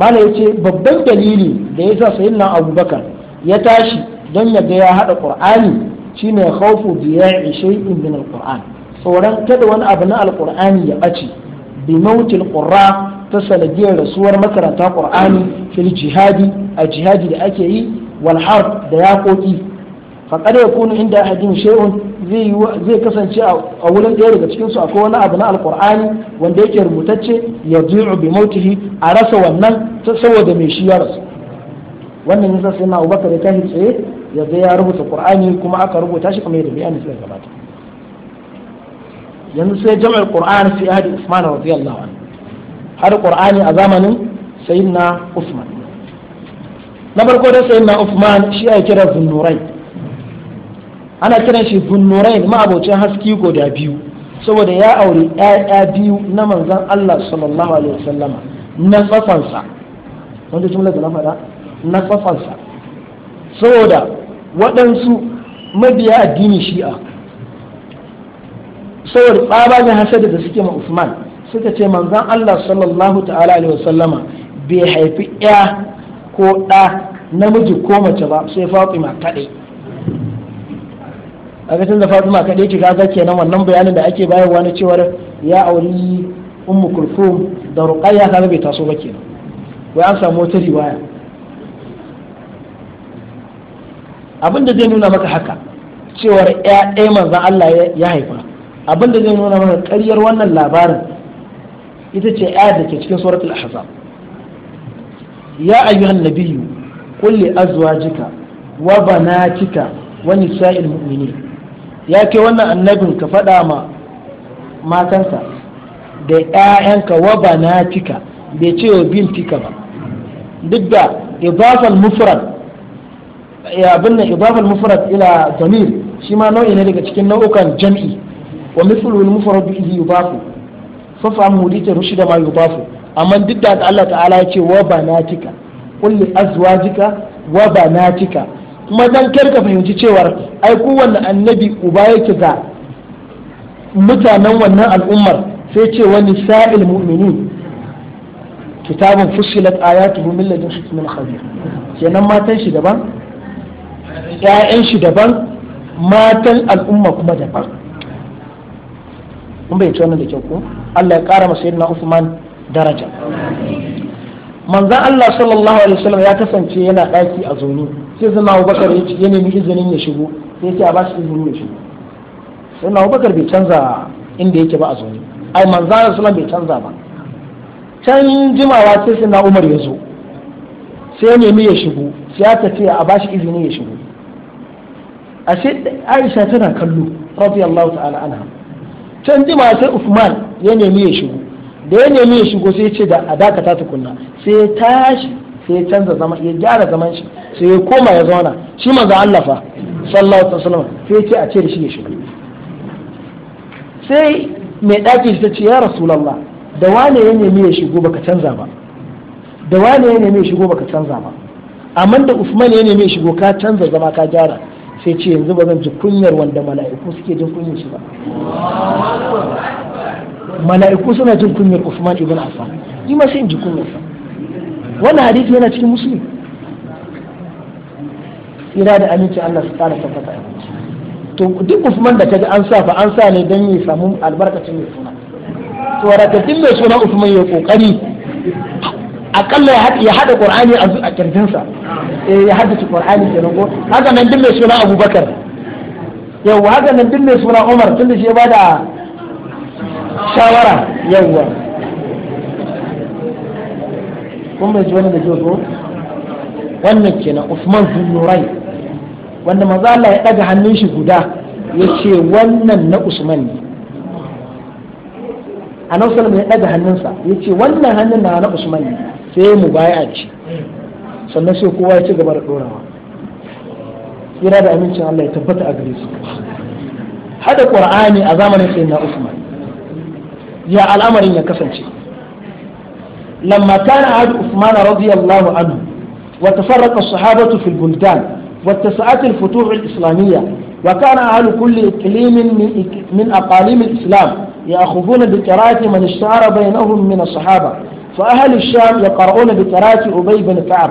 ما لا يتي babban dalili da ya yasa sayyidina abubakar ya tashi don ya ga ya hada qur'ani shine khawfu diya'i shay'in min alquran tsoron kada wani abu na alqur'ani ya bace bi mautil qurra ta sanadiyar rasuwar makaranta qur'ani fil jihadi a jihadi da ake yi wal harb da yaƙoƙi Faƙar ya kunu inda ahadin shay'un zai zai kasance a wurin ɗaya daga cikin su akwai wani abu na alqur'ani wanda yake rubutacce yarji'u bi mautihi a rasa wannan saboda mai shi ya rasu wannan yasa sai na Abubakar ya tashi tsaye ya zai ya rubuta qur'ani kuma aka rubuta shi kamar yadda bayani sai gabata yanzu sai jama'ar qur'an fi ahadi usman radiyallahu anhu har qur'ani a zamanin sayyidina usman na farko da sayyidina usman shi ya kira zunnurai ana kiran shi zunnurain ma'abocin haski guda biyu saboda ya aure ƴaƴa biyu na manzan Allah sallallahu alaihi wasallam na tsafansa wanda jumla da na faɗa na tsafansa saboda waɗansu mabiya addini shi'a saboda tsabanin hasada da suke ma Usman suka ce manzan Allah sallallahu ta'ala alaihi wasallama bai haifi 'ya ko ɗa namiji ko mace ba sai Fatima kaɗai kaga da Fatima kaɗai ce kaga kenan wannan bayanin da ake bayarwa na cewar ya auri ummu kulthum da ruqayya kaga bai taso ba kenan wai an samu wata riwaya abin da zai nuna maka haka cewar ya manzan Allah ya haifa abin da zai nuna maka ƙaryar wannan labarin ita ce ya da ke cikin suratul ahzab ya ayyuhan nabiyyu qul li azwajika wa banatika wa nisa'il mu'minin ya ke wannan annabin ka faɗa ma matansa da 'ya'yanka wa ba na, cika bai ce wa tika ba duk da ibafal mufrad ya binne nan ibafal ila zamir shi ma nau'i ne daga cikin nau'ukan jam'i wa mithlu al mufrad bihi yubafu fa fa ta, rushida ma yubafu amma duk da Allah ta'ala ya ce wa banatika qul li azwajika wa banatika kuma dan kar ka fahimci cewar ai kowanne annabi uba yake ga mutanen wannan al'ummar sai ce wani sa'il mu'minin kitabun fusilat ayatuhu min ladun hikmin khabir kenan matan shi daban ƴaƴan shi daban matan al'umma kuma daban kun bai wannan da kyau ko Allah ya kara masa sayyidina Uthman daraja manzon Allah sallallahu alaihi wasallam ya kasance yana ɗaki a zoni sai suna abubakar ya ce nemi izinin ya shigo sai ce a ba shi izinin ya shigo sai na abubakar bai canza inda yake ba a zaune ai da sulan bai canza ba can jimawa sai sai na umar ya zo sai ya nemi ya shigo sai ya tafi a ba shi izinin ya shigo a ashe aisha tana kallo radiyallahu ta'ala anha can jimawa sai usman ya nemi ya shigo da ya nemi ya shigo sai ya ce da a dakata tukunna sai ya tashi sai ya canza zama ya gyara zaman shi sai ya koma ya zauna shi manzo Allah fa sallallahu alaihi wasallam sai ce a ce da shi ya shigo sai mai ɗakin shi ta ce ya rasulullah da wane ya nemi ya shigo baka canza ba da wane ya nemi ya shigo baka canza ba amma da Usman ya nemi ya shigo ka canza zama ka gyara sai ce yanzu ba zan ji kunyar wanda mala'iku suke jin kunyar shi ba mala'iku suna jin kunyar Usman ibn Affan ima ma sai in ji kunyar sa wannan hadisi yana cikin muslim ina da aminci Allah su kara tabbata to duk Usman da kaji an sa fa an sa ne dan ya samu albarkacin mai suna to wadatattun mai suna Usman ya kokari akalla ya hada Qur'ani a sa eh ya haddace Qur'ani kenan ko haka nan duk mai suna Abubakar yawwa haka nan duk mai suna Umar tunda shi ya bada shawara yauwa kun bai ji wani da ko wannan ke na Usman zunurai wanda mazala ya ɗaga hannun shi guda ya ce wannan na Usman ne a sallallahu alaihi ya ɗaga hannunsa ya ce wannan hannun na na Usman ne sai mu baya ci sannan sai kowa ya ci gaba da ɗorawa. yana da amincin Allah ya tabbata a gare su hada qur'ani a zamanin sayyidina Usman ya al'amarin ya kasance لما كان عهد عثمان رضي الله عنه وتفرق الصحابة في البلدان واتسعت الفتوح الإسلامية وكان أهل كل إقليم من أقاليم الإسلام يأخذون بقراءة من اشتهر بينهم من الصحابة فأهل الشام يقرؤون بقراءة أبي بن كعب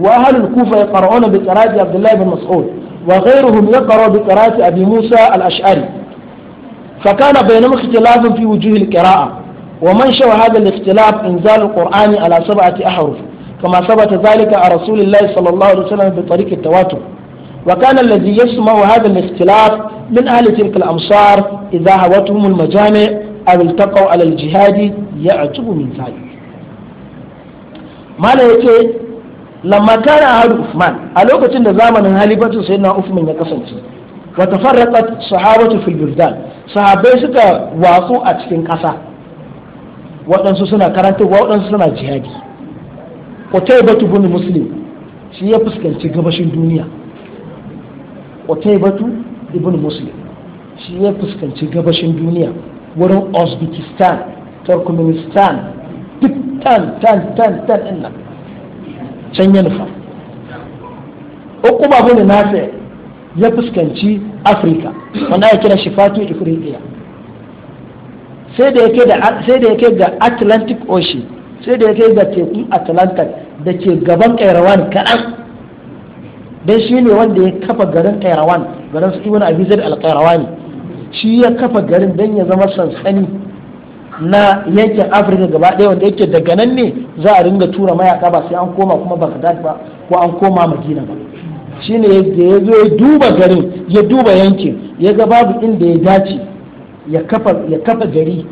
وأهل الكوفة يقرؤون بقراءة عبد الله بن مسعود وغيرهم يقرأ بقراءة أبي موسى الأشعري فكان بينهم اختلاف في وجوه القراءة ومن شوى هذا الاختلاف إنزال القرآن على سبعة أحرف كما ثبت ذلك على رسول الله صلى الله عليه وسلم بطريق التواتر وكان الذي يسمع هذا الاختلاف من أهل تلك الأمصار إذا هوتهم المجامع أو التقوا على الجهاد يعجب من ذلك ما لا يكي لما كان أهل عثمان ألوكة زمن هالبة سيدنا عثمان يكسنتي وتفرقت صحابة في البلدان صحابي سكا واصوا أتكين كسا waɗansu suna karantarwa waɗansu suna jihadi batu bin muslim shi ya fuskanci gabashin duniya batu ibn muslim shi ya fuskanci gabashin duniya wurin uzbekistan turkmenistan duk tan tan tan tan ɗin can ya nufa uku babu da nasa ya fuskanci afirka wanda ya kira shi fatu ifriqiya sai da yake ga Atlantic Ocean sai da yake ga tekun Atlantic da ke gaban Kairawan kaɗan dan shi ne wanda ya kafa garin Kairawan garin su Ibn Abi al-Qayrawani shi ya kafa garin dan ya zama sansani na yankin Afirka gaba ɗaya wanda yake daga nan ne za a ringa tura mayaka ba sai an koma kuma Baghdad ba ko an koma Madina ba ne ya zo ya duba garin ya duba yankin ya ga babu inda ya dace ya kafa gari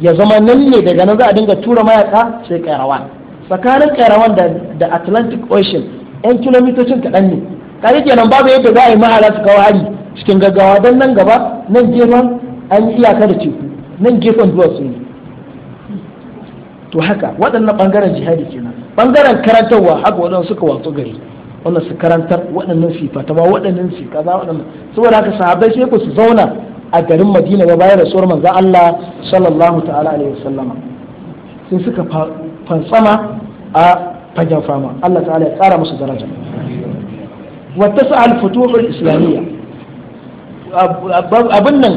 ya zama nan ne daga nan za a dinga tura mayaka sai kairawan tsakanin kairawan da atlantic ocean 'yan kilomitocin kaɗan ne ke kenan babu yadda za a yi mahala su kawo hari cikin gaggawa don nan gaba nan gefen an yi iyaka da teku nan gefen duwatsu ne to haka waɗannan ɓangaren jihadi kenan ɓangaren karantarwa haka waɗannan suka wato gari wannan su karantar waɗannan ta fatama waɗannan su kaza waɗannan saboda haka sahabai sai ku su zauna a garin madina ba bayan rasuwar manzo Allah sallallahu ta'ala alaihi wasallama sai suka fansama a fagen fama Allah ta'ala ya tsara musu daraja wa tas'al futuhul islamiyya abin nan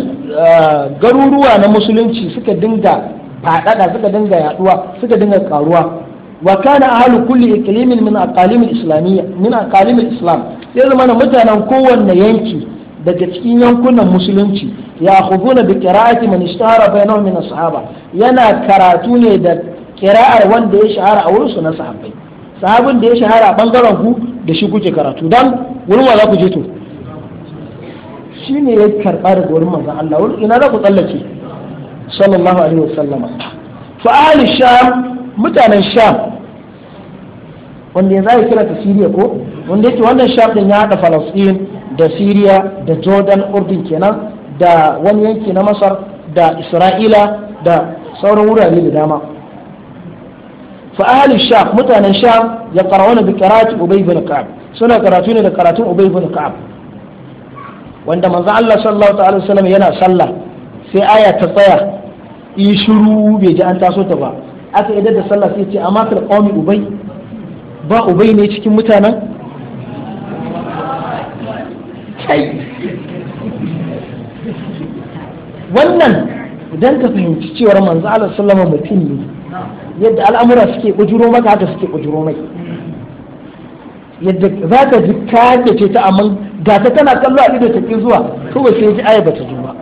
garuruwa na musulunci suka dinga fadada suka dinga yaduwa suka dinga karuwa wa kana ahlu kulli iqlimin min aqalim al-islamiyya min aqalim islam sai zama mutanen kowanne yanki daga cikin yankunan musulunci ya khuduna bi qira'ati man ishtahara bainahum min sahaba yana karatu ne da kira'ar wanda ya shahara a wurin su na sahabbai sahabin da ya shahara a bangaren ku da shi kuke karatu dan wurin wa za ku je to Shi ne ya karɓa daga wurin manzon Allah wurin ina za ku tsallake sallallahu alaihi wasallama fa ahli sham mutanen sham wanda yanzu ya kira ta Syria ko wanda yake wannan shafin ya haɗa Falasɗin da Syria da Jordan Urdun kenan da wani yanki na Masar da Isra'ila da sauran wurare da dama fa ahli sham mutanen sha ya karawana bi karatu ubay bin ka'ab suna karatu ne da karatun ubay bin ka'ab wanda manzo Allah sallallahu wasallam yana sallah sai aya ta tsaya e shiru bai ji an taso ta ba aka idar da sallah sai ce amma fil qawmi ubay ba ubai ne cikin mutanen wannan idan ka fahimci cewar manzo Allah sallama mutum ne yadda al'amura suke bujuro maka haka suke bujuro mai yadda za ka ji ka ce ta amma ga ta tana kallo a ido take zuwa kawai sai ji aya bata ji ba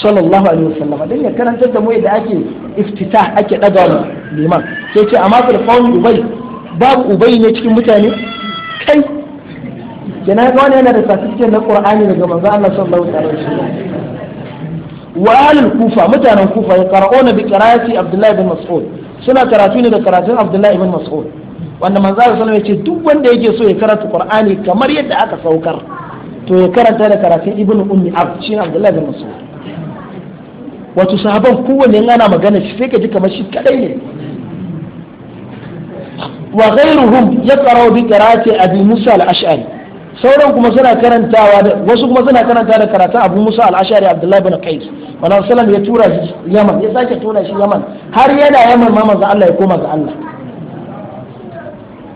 sallallahu alaihi wasallam dan ya karantar da mu yadda ake iftita ake daga liman sai ce amma fil qawl ubay babu ubai ne cikin mutane kai yana ga wani yana da satifiket na qur'ani daga manzo Allah sallallahu alaihi wasallam wa ahlul kufa mutanen kufa ya qara'una bi qira'ati abdullah ibn mas'ud suna karatu ne da karatun abdullah ibn mas'ud wanda manzo Allah sallallahu alaihi wasallam ya ce duk wanda yake so ya karanta qur'ani kamar yadda aka saukar to ya karanta da karatun ibn ummi ab shi abdullah ibn mas'ud wato sahaban kowanne yana magana shi sai ka ji kamar shi kadai ne wa ghairuhum yaqra'u bi qira'ati abi musa al-ash'ari sauran kuma suna karantawa da wasu kuma suna karanta da karatun abu musa al-ashari abdullahi bin qais wannan salam ya tura shi yaman ya sake tura shi yaman har yana yaman ma manzo Allah ya koma ga Allah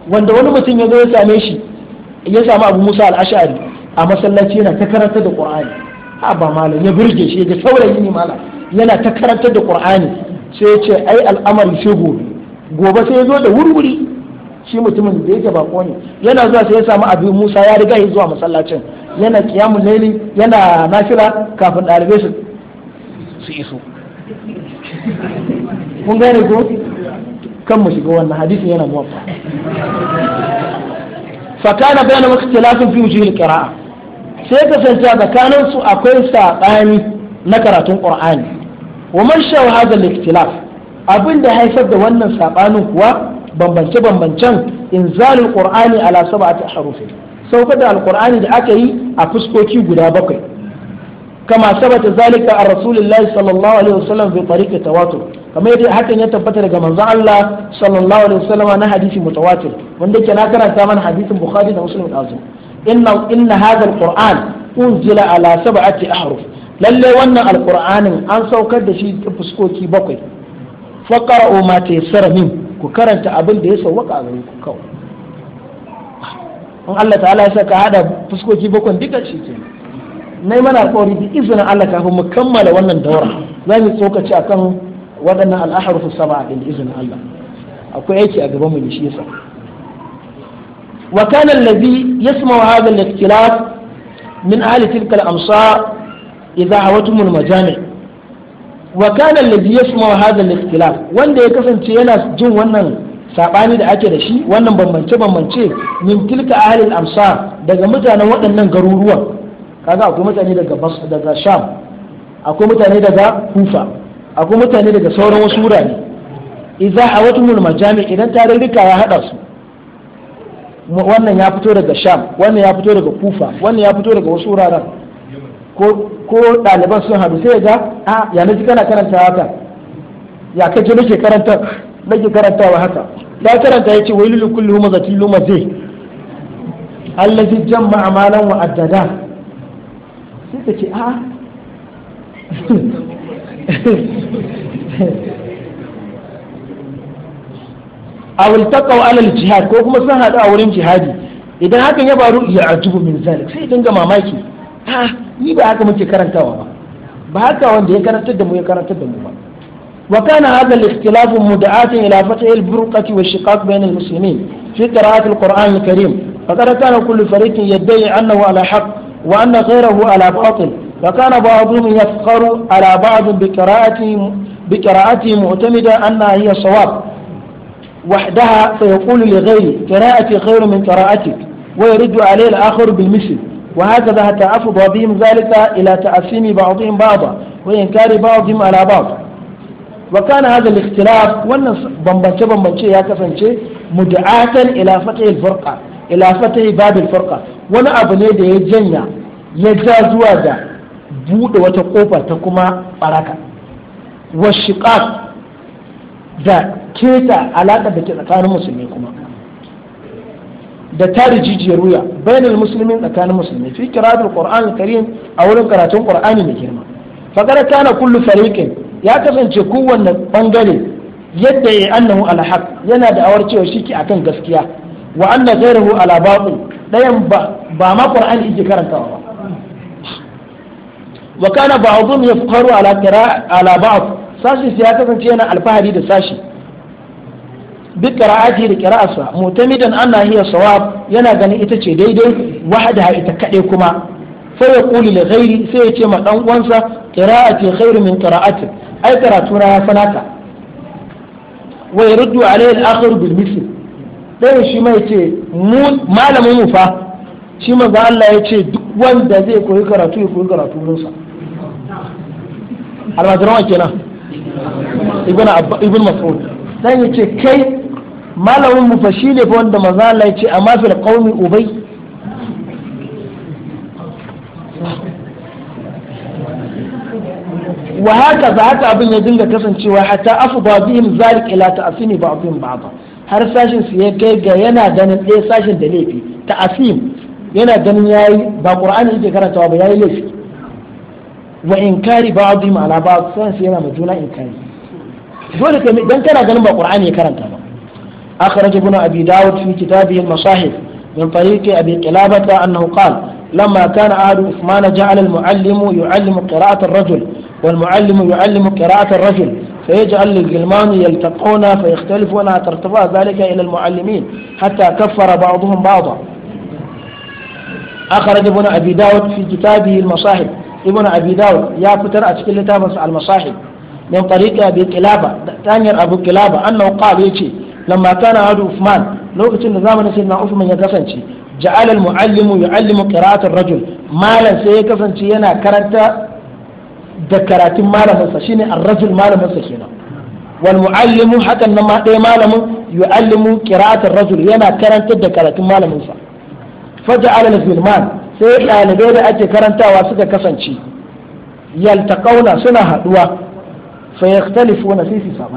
wanda wani mutum ya zo ya same shi ya samu abu musa al-ashari a masallaci yana ta karanta da qur'ani a ba malam ya burge shi ga saurayi ne malam yana ta karanta da qur'ani sai ya ce ai al'amari shi gobe gobe sai ya zo da wurwuri shi mutumin da yake bako ne yana zuwa sai ya samu abin Musa ya riga zuwa masallacin yana kiyamun laili yana nafila kafin ɗalibai su su iso kun gane ko kan mu shiga wannan hadisin yana muwaffa fakana bayan ikhtilafin fi wujuhil qira'a sai kasance tsakanin su akwai saɓani na karatun qur'ani wa man shawa hadal al-ikhtilaf abinda haifar da wannan sabanin kuwa bambance bambancen inzalul qur'ani ala sab'ati harufi Sauka da alqur'ani da aka yi a fuskoki guda bakwai kama sabata zalika a rasulullahi sallallahu alaihi wasallam bi tariqi tawatur kamar yadda hakan ya tabbata daga manzon Allah sallallahu alaihi wasallam na hadisi mutawatir wanda yake na karanta mana hadisin bukhari da muslim da azum inna inna hadha alquran unzila ala sab'ati ahruf lalle wannan alqur'anin an saukar da shi fuskoki bakwai faqra'u ma tayassara min ku karanta abin da ya sauwaka a gare ku kawai in Allah ta'ala ya saka hada fuskoki bakon duka shi ke nai mana alƙawari da izinin Allah kafin mu kammala wannan daura za mu tsokaci akan waɗannan al'aharufu saba da izinin Allah akwai aiki a gaban mu shi yasa wa kana allazi yasma'u hadha al-ikhtilaf min ahli tilka al-amsar idha hawatum al-majami' wa kana alladhi yasma'u hadha al-ikhtilaf wanda ya kasance yana jin wannan sabani da ake da shi wannan bambance bambance min tilka ahli al-amsar daga mutanen waɗannan garuruwan kaga akwai mutane daga daga sham akwai mutane daga kufa akwai mutane daga sauran wasu wurare idza hawatumul majami idan tarurruka ya hada su wannan ya fito daga sham wannan ya fito daga kufa wannan ya fito daga wasu wuraren ko ɗaliban sun haɗu sai ga a ya naji kana karanta haka ya kaje nake karanta nake karantawa haka da karanta yace wailul kulli luma zai allazi jama'a malan wa addada sai ta ce a a wiltaƙau alal jihad ko kuma sun haɗu a wurin jihadi idan hakan ya faru ya ajubu min zalik sai dinga mamaki ni ba haka muke karantawa ba ba haka wanda ya karantar وكان هذا الاختلاف مدعاة إلى فتح البرقة والشقاق بين المسلمين في قراءة القرآن الكريم فقد كان كل فريق يدعي أنه على حق وأن غيره على باطل وكان بعضهم يفخر على بعض بقراءته بقراءته معتمدة أنها هي صواب وحدها فيقول لغيره قراءتي خير من قراءتك ويرد عليه الآخر بالمثل وهكذا حتى أفضى بهم ذلك إلى تأثيم بعضهم بعضا وإنكار بعضهم على بعض وكان هذا الاختلاف وأن بمبنشة بمبنشة يا كفنشة مدعاة إلى فتح الفرقة إلى فتح باب الفرقة وأنا أبني دي جنة يجازوا دا بود وتقوبة تكما بركة والشقاق da keta alaƙa da ke tsakanin musulmi kuma da tari jijiyar wuya bainal musulmin tsakanin musulmi fi kiratul qur'an karim a wurin karatun qur'ani mai girma fakar kana kullu fariqin ya kasance kowanne bangare yadda ya annahu ala haq yana da awar cewa shi ke akan gaskiya wa anna ghayruhu ala batil dayan ba ma qur'ani yake karantawa ba wa kana ba'dhum yafqaru ala qira'a ala ba'd sashi ya kasance yana alfahari da sashi bi qira'ati da qira'arsa mutamidan anna iya sawab yana ganin ita ce daidai wahdaha ha'ita kadai kuma fa yaqulu li kairi, sai ya ce ma dan uwansa qira'ati khairu min qira'ati ai na ya ce malamin mu fa shi manzo Allah ya ce duk wanda zai koyi karatu ya koyi karatu wurinsa almajiran wa kenan ibn mas'ud dan yace kai malamin mu fa shine fa wanda maza Allah ya ce amma fil qaumi ubay wa haka za haka abin ya dinga kasancewa hatta ba bihim zalik ila ta'sini bihim ba'da har sashin su ya kai ga yana ganin ɗaya sashin da laifi ta'asim yana ganin yayi ba qur'ani yake karantawa ba yayi laifi wa inkari bihim ala ba'd sai yana ma juna inkari dole kai dan kana ganin ba qur'ani ya karanta ba أخرج ابن أبي داود في كتابه المصاحف من طريق أبي قلابة أنه قال لما كان عاد عثمان جعل المعلم يعلم قراءة الرجل والمعلم يعلم قراءة الرجل فيجعل الغلمان يلتقون فيختلفون حتى ترتفع ذلك إلى المعلمين حتى كفر بعضهم بعضا أخرج ابن أبي داود في كتابه المصاحب ابن أبي داود يا فتر أشكل المصاحب من طريق أبي كلابة تانير أبو كلابة أنه قال يجي lamma kana hadu Uthman lokacin da zamanin sayyidina Uthman ya kasance ja'ala al-muallimu yu'allimu qira'at malam sai ya kasance yana karanta da karatun malamin shine ar-rajul malamin sa kenan wal muallimu hakan nan ma dai malamin yu'allimu qira'at rajul yana karanta da karatun malamin sa faja'ala al-filman sai ɗalibai da ake karantawa suka kasance yaltaqauna suna haduwa fa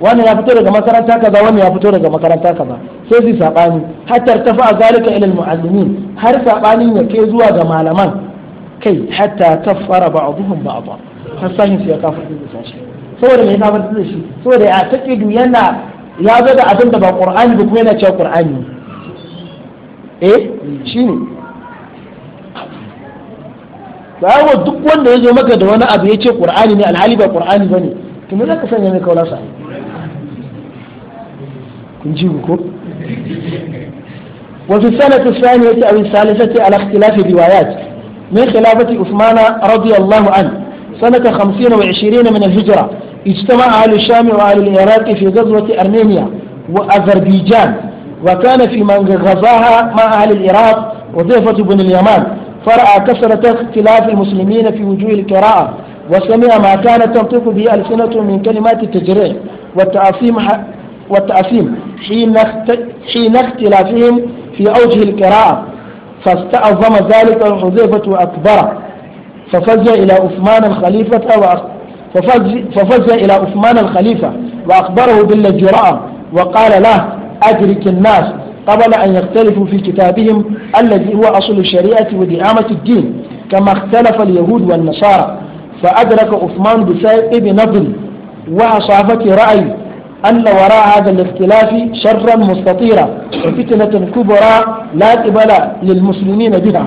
wani ya fito daga makaranta kaza wani ya fito daga makaranta kaza sai su sabani hatta tafa a zalika ilal muallimin har sabanin ya ke zuwa ga malaman kai hatta kafara ba'dhum ba'dha har sahin su ya kafa da sashi saboda me ya kafa da shi saboda ya taqidu yana ya zo da abin da ba qur'ani ba kuma yana cewa qur'ani eh shine dawo duk wanda ya zo maka da wani abu ya ce qur'ani ne alhali ba qur'ani bane kuma zaka sanya mai kaula sai kun وفي السنة الثانية أو الثالثة على اختلاف الروايات من خلافة عثمان رضي الله عنه سنة خمسين وعشرين من الهجرة اجتمع أهل الشام وأهل العراق في غزوة أرمينيا وأذربيجان وكان في من غزاها مع أهل العراق وضيفة بن اليمان فرأى كثرة اختلاف المسلمين في وجوه القراءة وسمع ما كانت تنطق به ألسنة من كلمات التجريع والتعصيم والتأثيم حين حين اختلافهم في أوجه القراءة فاستعظم ذلك حذيفة وأكبره ففزع إلى عثمان الخليفة ففزع إلى عثمان الخليفة وأخبره بالذي رأى وقال له أدرك الناس قبل أن يختلفوا في كتابهم الذي هو أصل الشريعة ودعامة الدين كما اختلف اليهود والنصارى فأدرك عثمان بسائب نظر وعصافة رأي أن وراء هذا الاختلاف شرا مستطيرا وفتنة كبرى لا قبل للمسلمين بها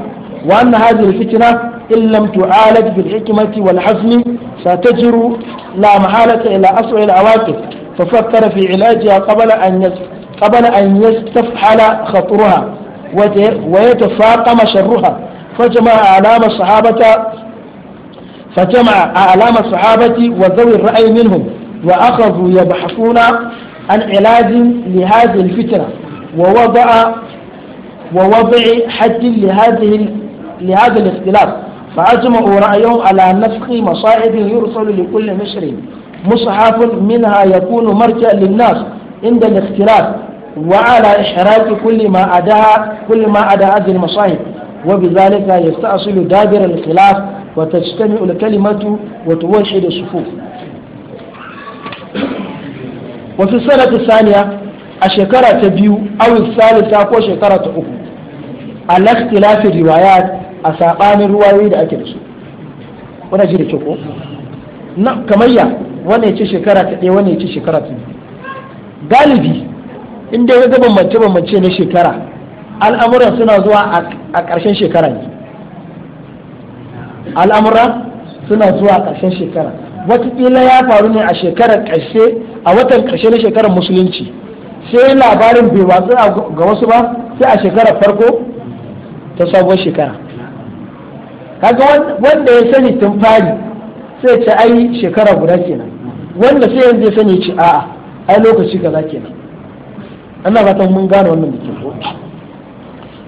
وأن هذه الفتنة إن لم تعالج بالحكمة والحزم ستجر لا محالة إلى أسوأ العواقب ففكر في علاجها قبل أن قبل أن يستفحل خطرها ويتفاقم شرها فجمع أعلام الصحابة فجمع أعلام الصحابة وذوي الرأي منهم وأخذوا يبحثون عن علاج لهذه الفتنة ووضع ووضع حد لهذه لهذا الاختلاف فأجمعوا رأيهم على نسخ مصائب يرسل لكل مصري مصحف منها يكون مرجع للناس عند الاختلاف وعلى إحراج كل ما أداها كل ما أدى هذه المصائب وبذلك يستأصل دابر الخلاف وتجتمع الكلمة وتوحد الصفوف wasu sanatu saniya a shekara ta biyu awil salisa ko shekara ta uku al ikhtilafi riwaya, a saɓanin ruwayoyi da ake da su wannan ji da ke ko na kamayya wani ya ce shekara ta ɗaya wani ya ce shekara ta biyu galibi inda dai ga bambance bambance na shekara al'amuran suna zuwa a ƙarshen shekara ne al'amuran suna zuwa a ƙarshen shekara watakila ya faru ne a shekarar ƙarshe a watan ƙarshe na shekarar musulunci sai labarin bai watsu ga wasu ba sai a shekarar farko ta sabuwar shekara kaga wanda ya sani tun fari sai ce ai shekara guda kenan wanda sai yanzu ya sani ce a'a ai lokaci kaza kenan ana fatan mun gane wannan da ke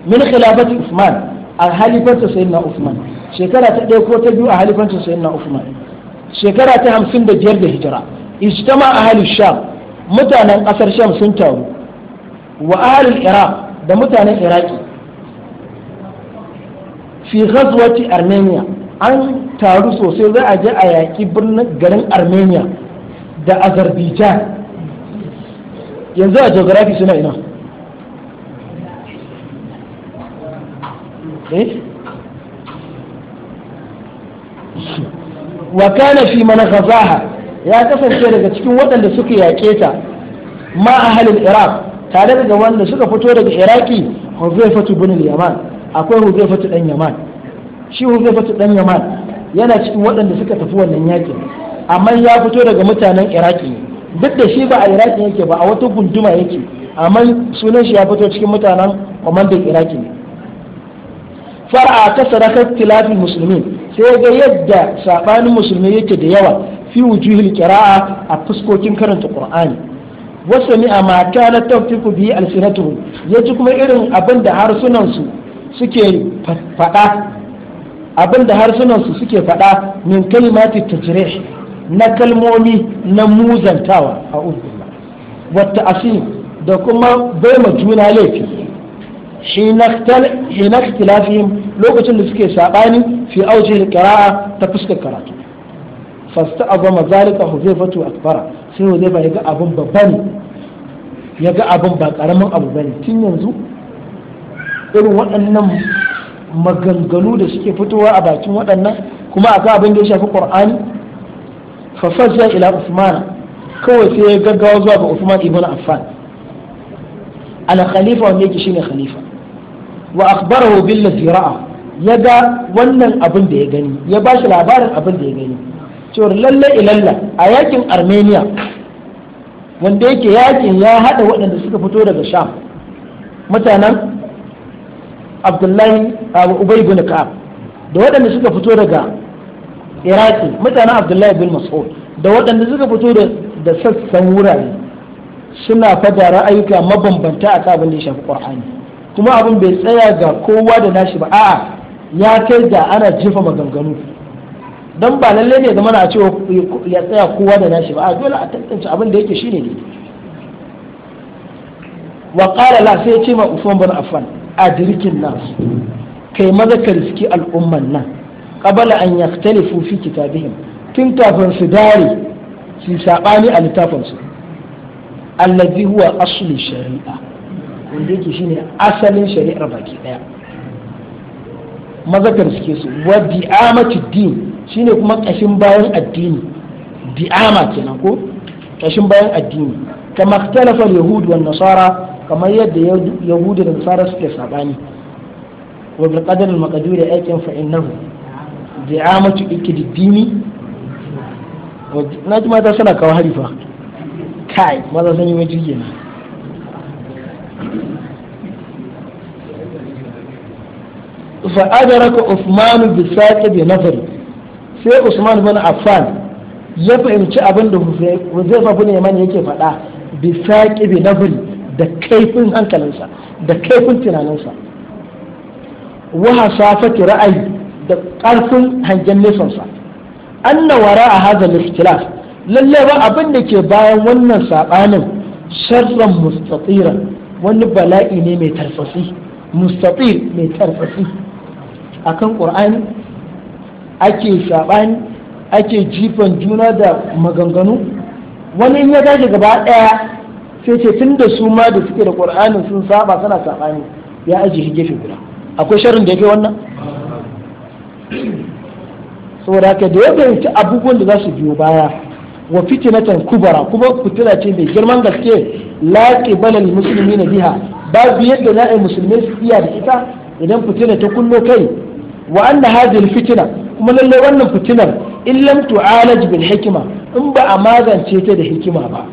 min khilafati usman a halifarsa sayyidina usman shekara ta ɗaya ko ta biyu a halifarsa sayyidina usman shekara ta hamsin da biyar da hijira ijtama ahalul sham mutanen ƙasar sham sun taru wa ahalul iraq da mutanen iraki fi ghazwati armenia an taru sosai za a je a yaƙi birnin garin armenia da azerbaijan yanzu a geography suna ina eh wa kana fi man ghazaha ya kasance daga cikin waɗanda suka yake ta ma ahalin iraq tare da wanda suka fito daga iraki huzaifatu bin yaman akwai huzaifatu dan yaman shi huzaifatu dan yaman yana cikin waɗanda suka tafi wannan yakin, amma ya fito daga mutanen iraki duk da shi ba a iraki yake ba a wata gunduma yake amma sunan shi ya fito cikin mutanen kwamandan iraki ne fara ta sadakar tilafin musulmi sai ga yadda sabanin musulmi yake da yawa fi wujuhil qira'a a fuskokin karanta qur'ani wasu ni a mata na tafiku biyu alsinatu ya ji kuma irin abin da harsunansu suke faɗa abin da su suke fada min kalimati tajrih na kalmomi na muzantawa a ubbullah wata asin da kuma bai ma juna laifi hina ikhtilafihim lokacin da suke saɓani fi aujihil qira'a ta fuskar karatu fasta'azama zalika huzaifatu akbara sai huzaifa yaga abin babba ne yaga abun ba karamin abu bane tun yanzu irin waɗannan maganganu da suke fitowa a bakin waɗannan kuma akan abin da ya shafi qur'ani fa fazza ila usmana kawai sai ya gaggawa zuwa ga usman ibn affan ala khalifa wanda yake shine khalifa wa akhbarahu billati ra'a ya ga wannan abin da ya gani ya ba shi labarin abin da ya gani to lalle ilalla a yakin armenia wanda yake yakin ya hada waɗanda suka fito daga sham mutanen abdullahi abu ubay bin ka'ab da waɗanda suka fito daga iraki mutanen abdullahi bin mas'ud da waɗanda suka fito da sassan wurare suna fada ra'ayuka mabambanta a kabin da ya shafi qur'ani kuma abin bai tsaya ga kowa da nashi ba a'a ya kai da ana jefa maganganu don ba lalle ne zama na cewa ya tsaya kowa da nashi ba a dole a tantance abin da yake shine ne wa qala la sai ce ma Usman bin Affan adrikin nas kai maza ka riski al'umman nan qabala an yaktalifu fi kitabihim tun kafin su dare su sabani a littafin su allazi huwa asli shari'a wanda yake shine asalin shari'ar baki daya mazakar suke su wa di'amatu din shine kuma kashin bayan addini di'ama kenan ko kashin bayan addini kama ikhtalafa al-yahud wa nasara kamar yadda yahudu da nasara suke sabani wa bil qadar al maqduri aykan fa innahu di'amatu ikiddini na ji mata suna kawo harifa kai maza sun yi mai jirgin fa'adaraka Uthman bi saqi bi nafari sai Usman bin Affan ya fahimci abin da Huzaifa bin Yaman yake faɗa bi bi nafari da kaifin hankalinsa da kaifin tunaninsa wa hasafati ra'ayi da ƙarfin hangen nesansa anna wara a hadha al-ikhtilaf lalle ba abin da ke bayan wannan sabanin sharran mustatiran wani bala'i ne mai tarfasi mustatir mai tarfasi akan qur'ani ake sabani ake jifan juna da maganganu wani in ya tashi gaba daya sai ce tun da su ma da suke da qur'anin sun saba suna sabani ya shi gefe guda akwai sharrin da yake wannan saboda haka da ya abubuwan da za su biyo baya wa fitinatan kubara kuma fitina ce mai girman gaske la qibala lil muslimin biha babu yadda za a musulmai su iya da ita idan fitina ta kullo kai wa anna hadhihi fitina kuma lalle wannan fitinar in lam tu'alaj bil hikma in ba a magance ta da hikima ba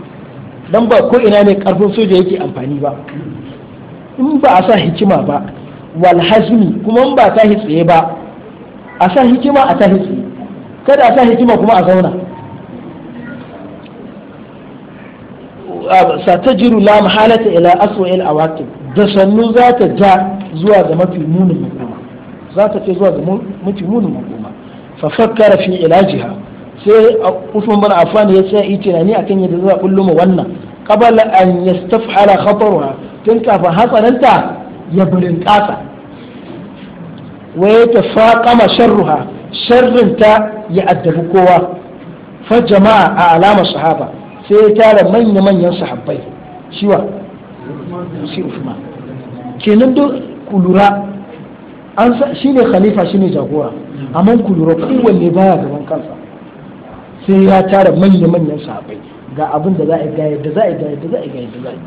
dan ba ko ina ne karfin soja yake amfani ba in ba a sa hikima ba wal hazmi kuma in ba ta hitsaye ba a sa hikima a ta hitsaye kada a sa hikima kuma a zauna satajiru la mahalata ila aswa'il awaqib da sannu za ta ja zuwa ga mafi munin makoma za ta ce zuwa ga mafi munin makoma fa fakkara fi ilajiha sai Usman bin Affan ya tsaya yi tunani akan yadda za a kullu mu wannan qabala an yastaf'ala khatarha tun kafin hatsarinta ya burin kasa wa ya tafaqama sharruha sharrinta ya addabi kowa fa jama'a a alama sahaba sai ya tara manya-manyan sahabbai shiwa shi Uthman kenan duk kulura an shi ne khalifa shi ne jagora amma kulura kowanne baya gaban kansa sai ya tara manya-manyan sahabbai ga abin da za a gaya da za a gaya da za a gaya da za a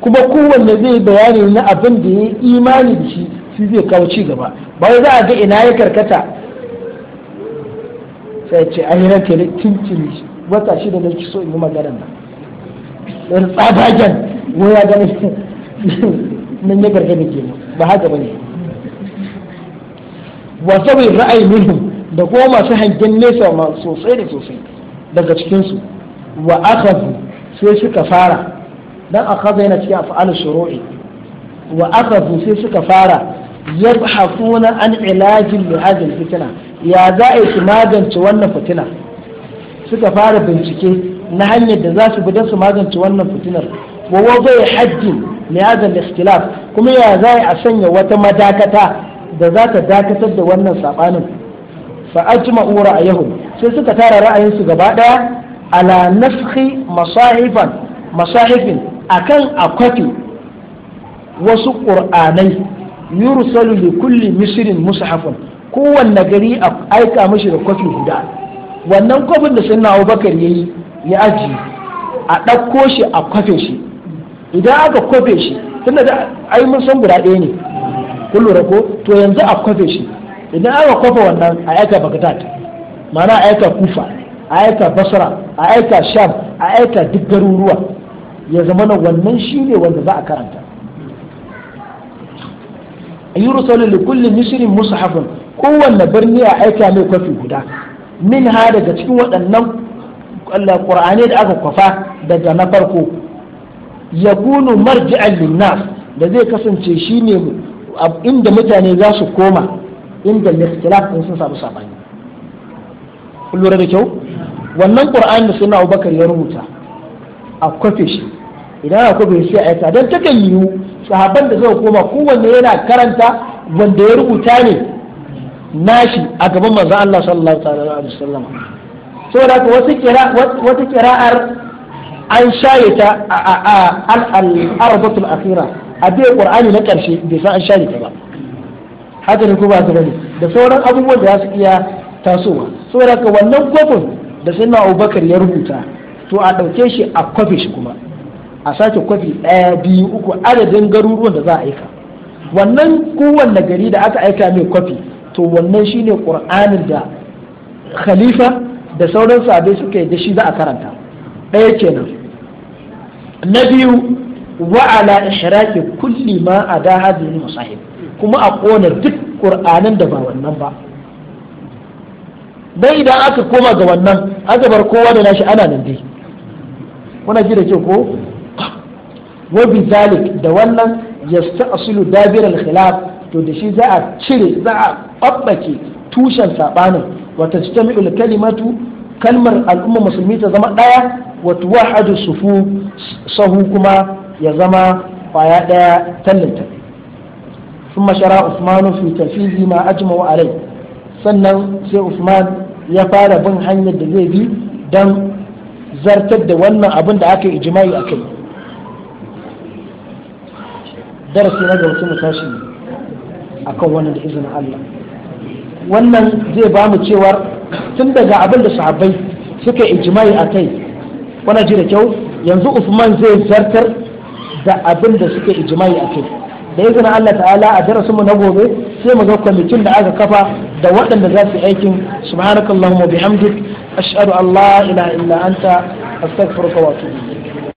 kuma kowanne zai bayani na abin da ya imani da shi shi zai kawo ci gaba ba za a ga ina ya karkata sai ce a yi ranke ne wata shida da ki so in yi magana nan da tsabagen waya gani nan ya gargada ke ba haka ba ne. Wasu sabai ra'ayi minhum da kuma masu hangen nesa ma sosai da sosai daga cikinsu wa akhadhu sai suka fara dan akhadha yana cikin af'al shuru'i wa akhadhu sai suka fara yabhafuna an ilajin li hadhihi fitna ya za a yi magance wannan fitina suka fara bincike na hanyar da za su bi don su magance wannan fitinar wa wazai haddin li hadha al-ikhtilaf kuma ya za a sanya wata madakata da za ta dakatar da wannan sabanin fa ajma'u ra'ayahum sai suka tara ra'ayinsu gaba daya ala nafhi masahifan masahifin akan akwati wasu qur'anai yursalu li kulli misrin mushafun kowanne gari a aika mishi da kwafi guda wannan kwafin da sunna abubakar ya yi ya ajiye a ɗauko shi a kwafe shi idan aka kwafe shi tunda da ai mun san guda ɗaya ne kun lura ko to yanzu a kwafe shi idan aka kwafa wannan a aika bagdad ma'ana a aika kufa a aika basra a aika sham a aika duk garuruwa ya zama na wannan shi ne wanda za a karanta a yi rusalin da kullum Musu kowanne birni a aika mai kwafi guda min ha daga cikin waɗannan ƙur'ani da aka kwafa daga na farko ya kunu marji'an linnas da zai kasance shi ne inda mutane za su koma inda ikhtilaf ɗin sun samu sabani da kyau wannan ƙur'ani da suna Abubakar ya rubuta a kwafe shi idan a kwafe shi a yata don takan yiwu sahabban da zai koma kowanne yana karanta wanda ya rubuta ne nashi a gaban manzo Allah sallallahu alaihi wasallam saboda haka wasu kira wata kira'ar an shaye ta a al-arabatul akhira a bai qur'ani na karshe bai san an shaye ta ba haka ne ko ba ta da sauran abubuwan da za su iya tasowa saboda haka wannan kofin da sunna Abubakar ya rubuta to a ɗauke shi a kwafe shi kuma a sake kwafi ɗaya biyu uku adadin garuruwan da za a aika wannan kowanne gari da aka aika mai kwafi to wannan shine ƙur'anin da khalifa da sauran sabe suka yi da shi za a karanta ɗaya kenan na biyu wa'ala ishiraki kulli ma ada hadhihi musahib kuma a kona duk ƙur'anin da ba wannan ba dan idan aka koma ga wannan aka bar kowa da nashi ana nan dai kuna ji da ke ko wa bizalik da wannan yasta'silu sulu dabiral khilaf to da shi za a cire za a ɓaɓɓake tushen saɓanin wata ci tami'ul kalimatu kalmar al'umma musulmi ta zama ɗaya wata wahadu sufu sahu kuma ya zama kwaya ɗaya tallinta ثم usmanu fi في ma ما wa alai. sannan sai Usman ya fara bin hanyar da zai bi don zartar da wannan abin da aka yi ijimai a kai darasi na gaba mu tashi akan wannan da izinin Allah wannan zai ba mu cewar tun daga abin da sahabbai suka ijimai a kai wani ji da kyau yanzu Usman zai zartar da abin da suka ijimai a kai da izinin Allah ta'ala a darasinmu na gobe sai mu ga kwamitin da aka kafa da waɗanda za su aikin subhanakallahumma bihamdik ashhadu an la ilaha illa anta astaghfiruka wa atubu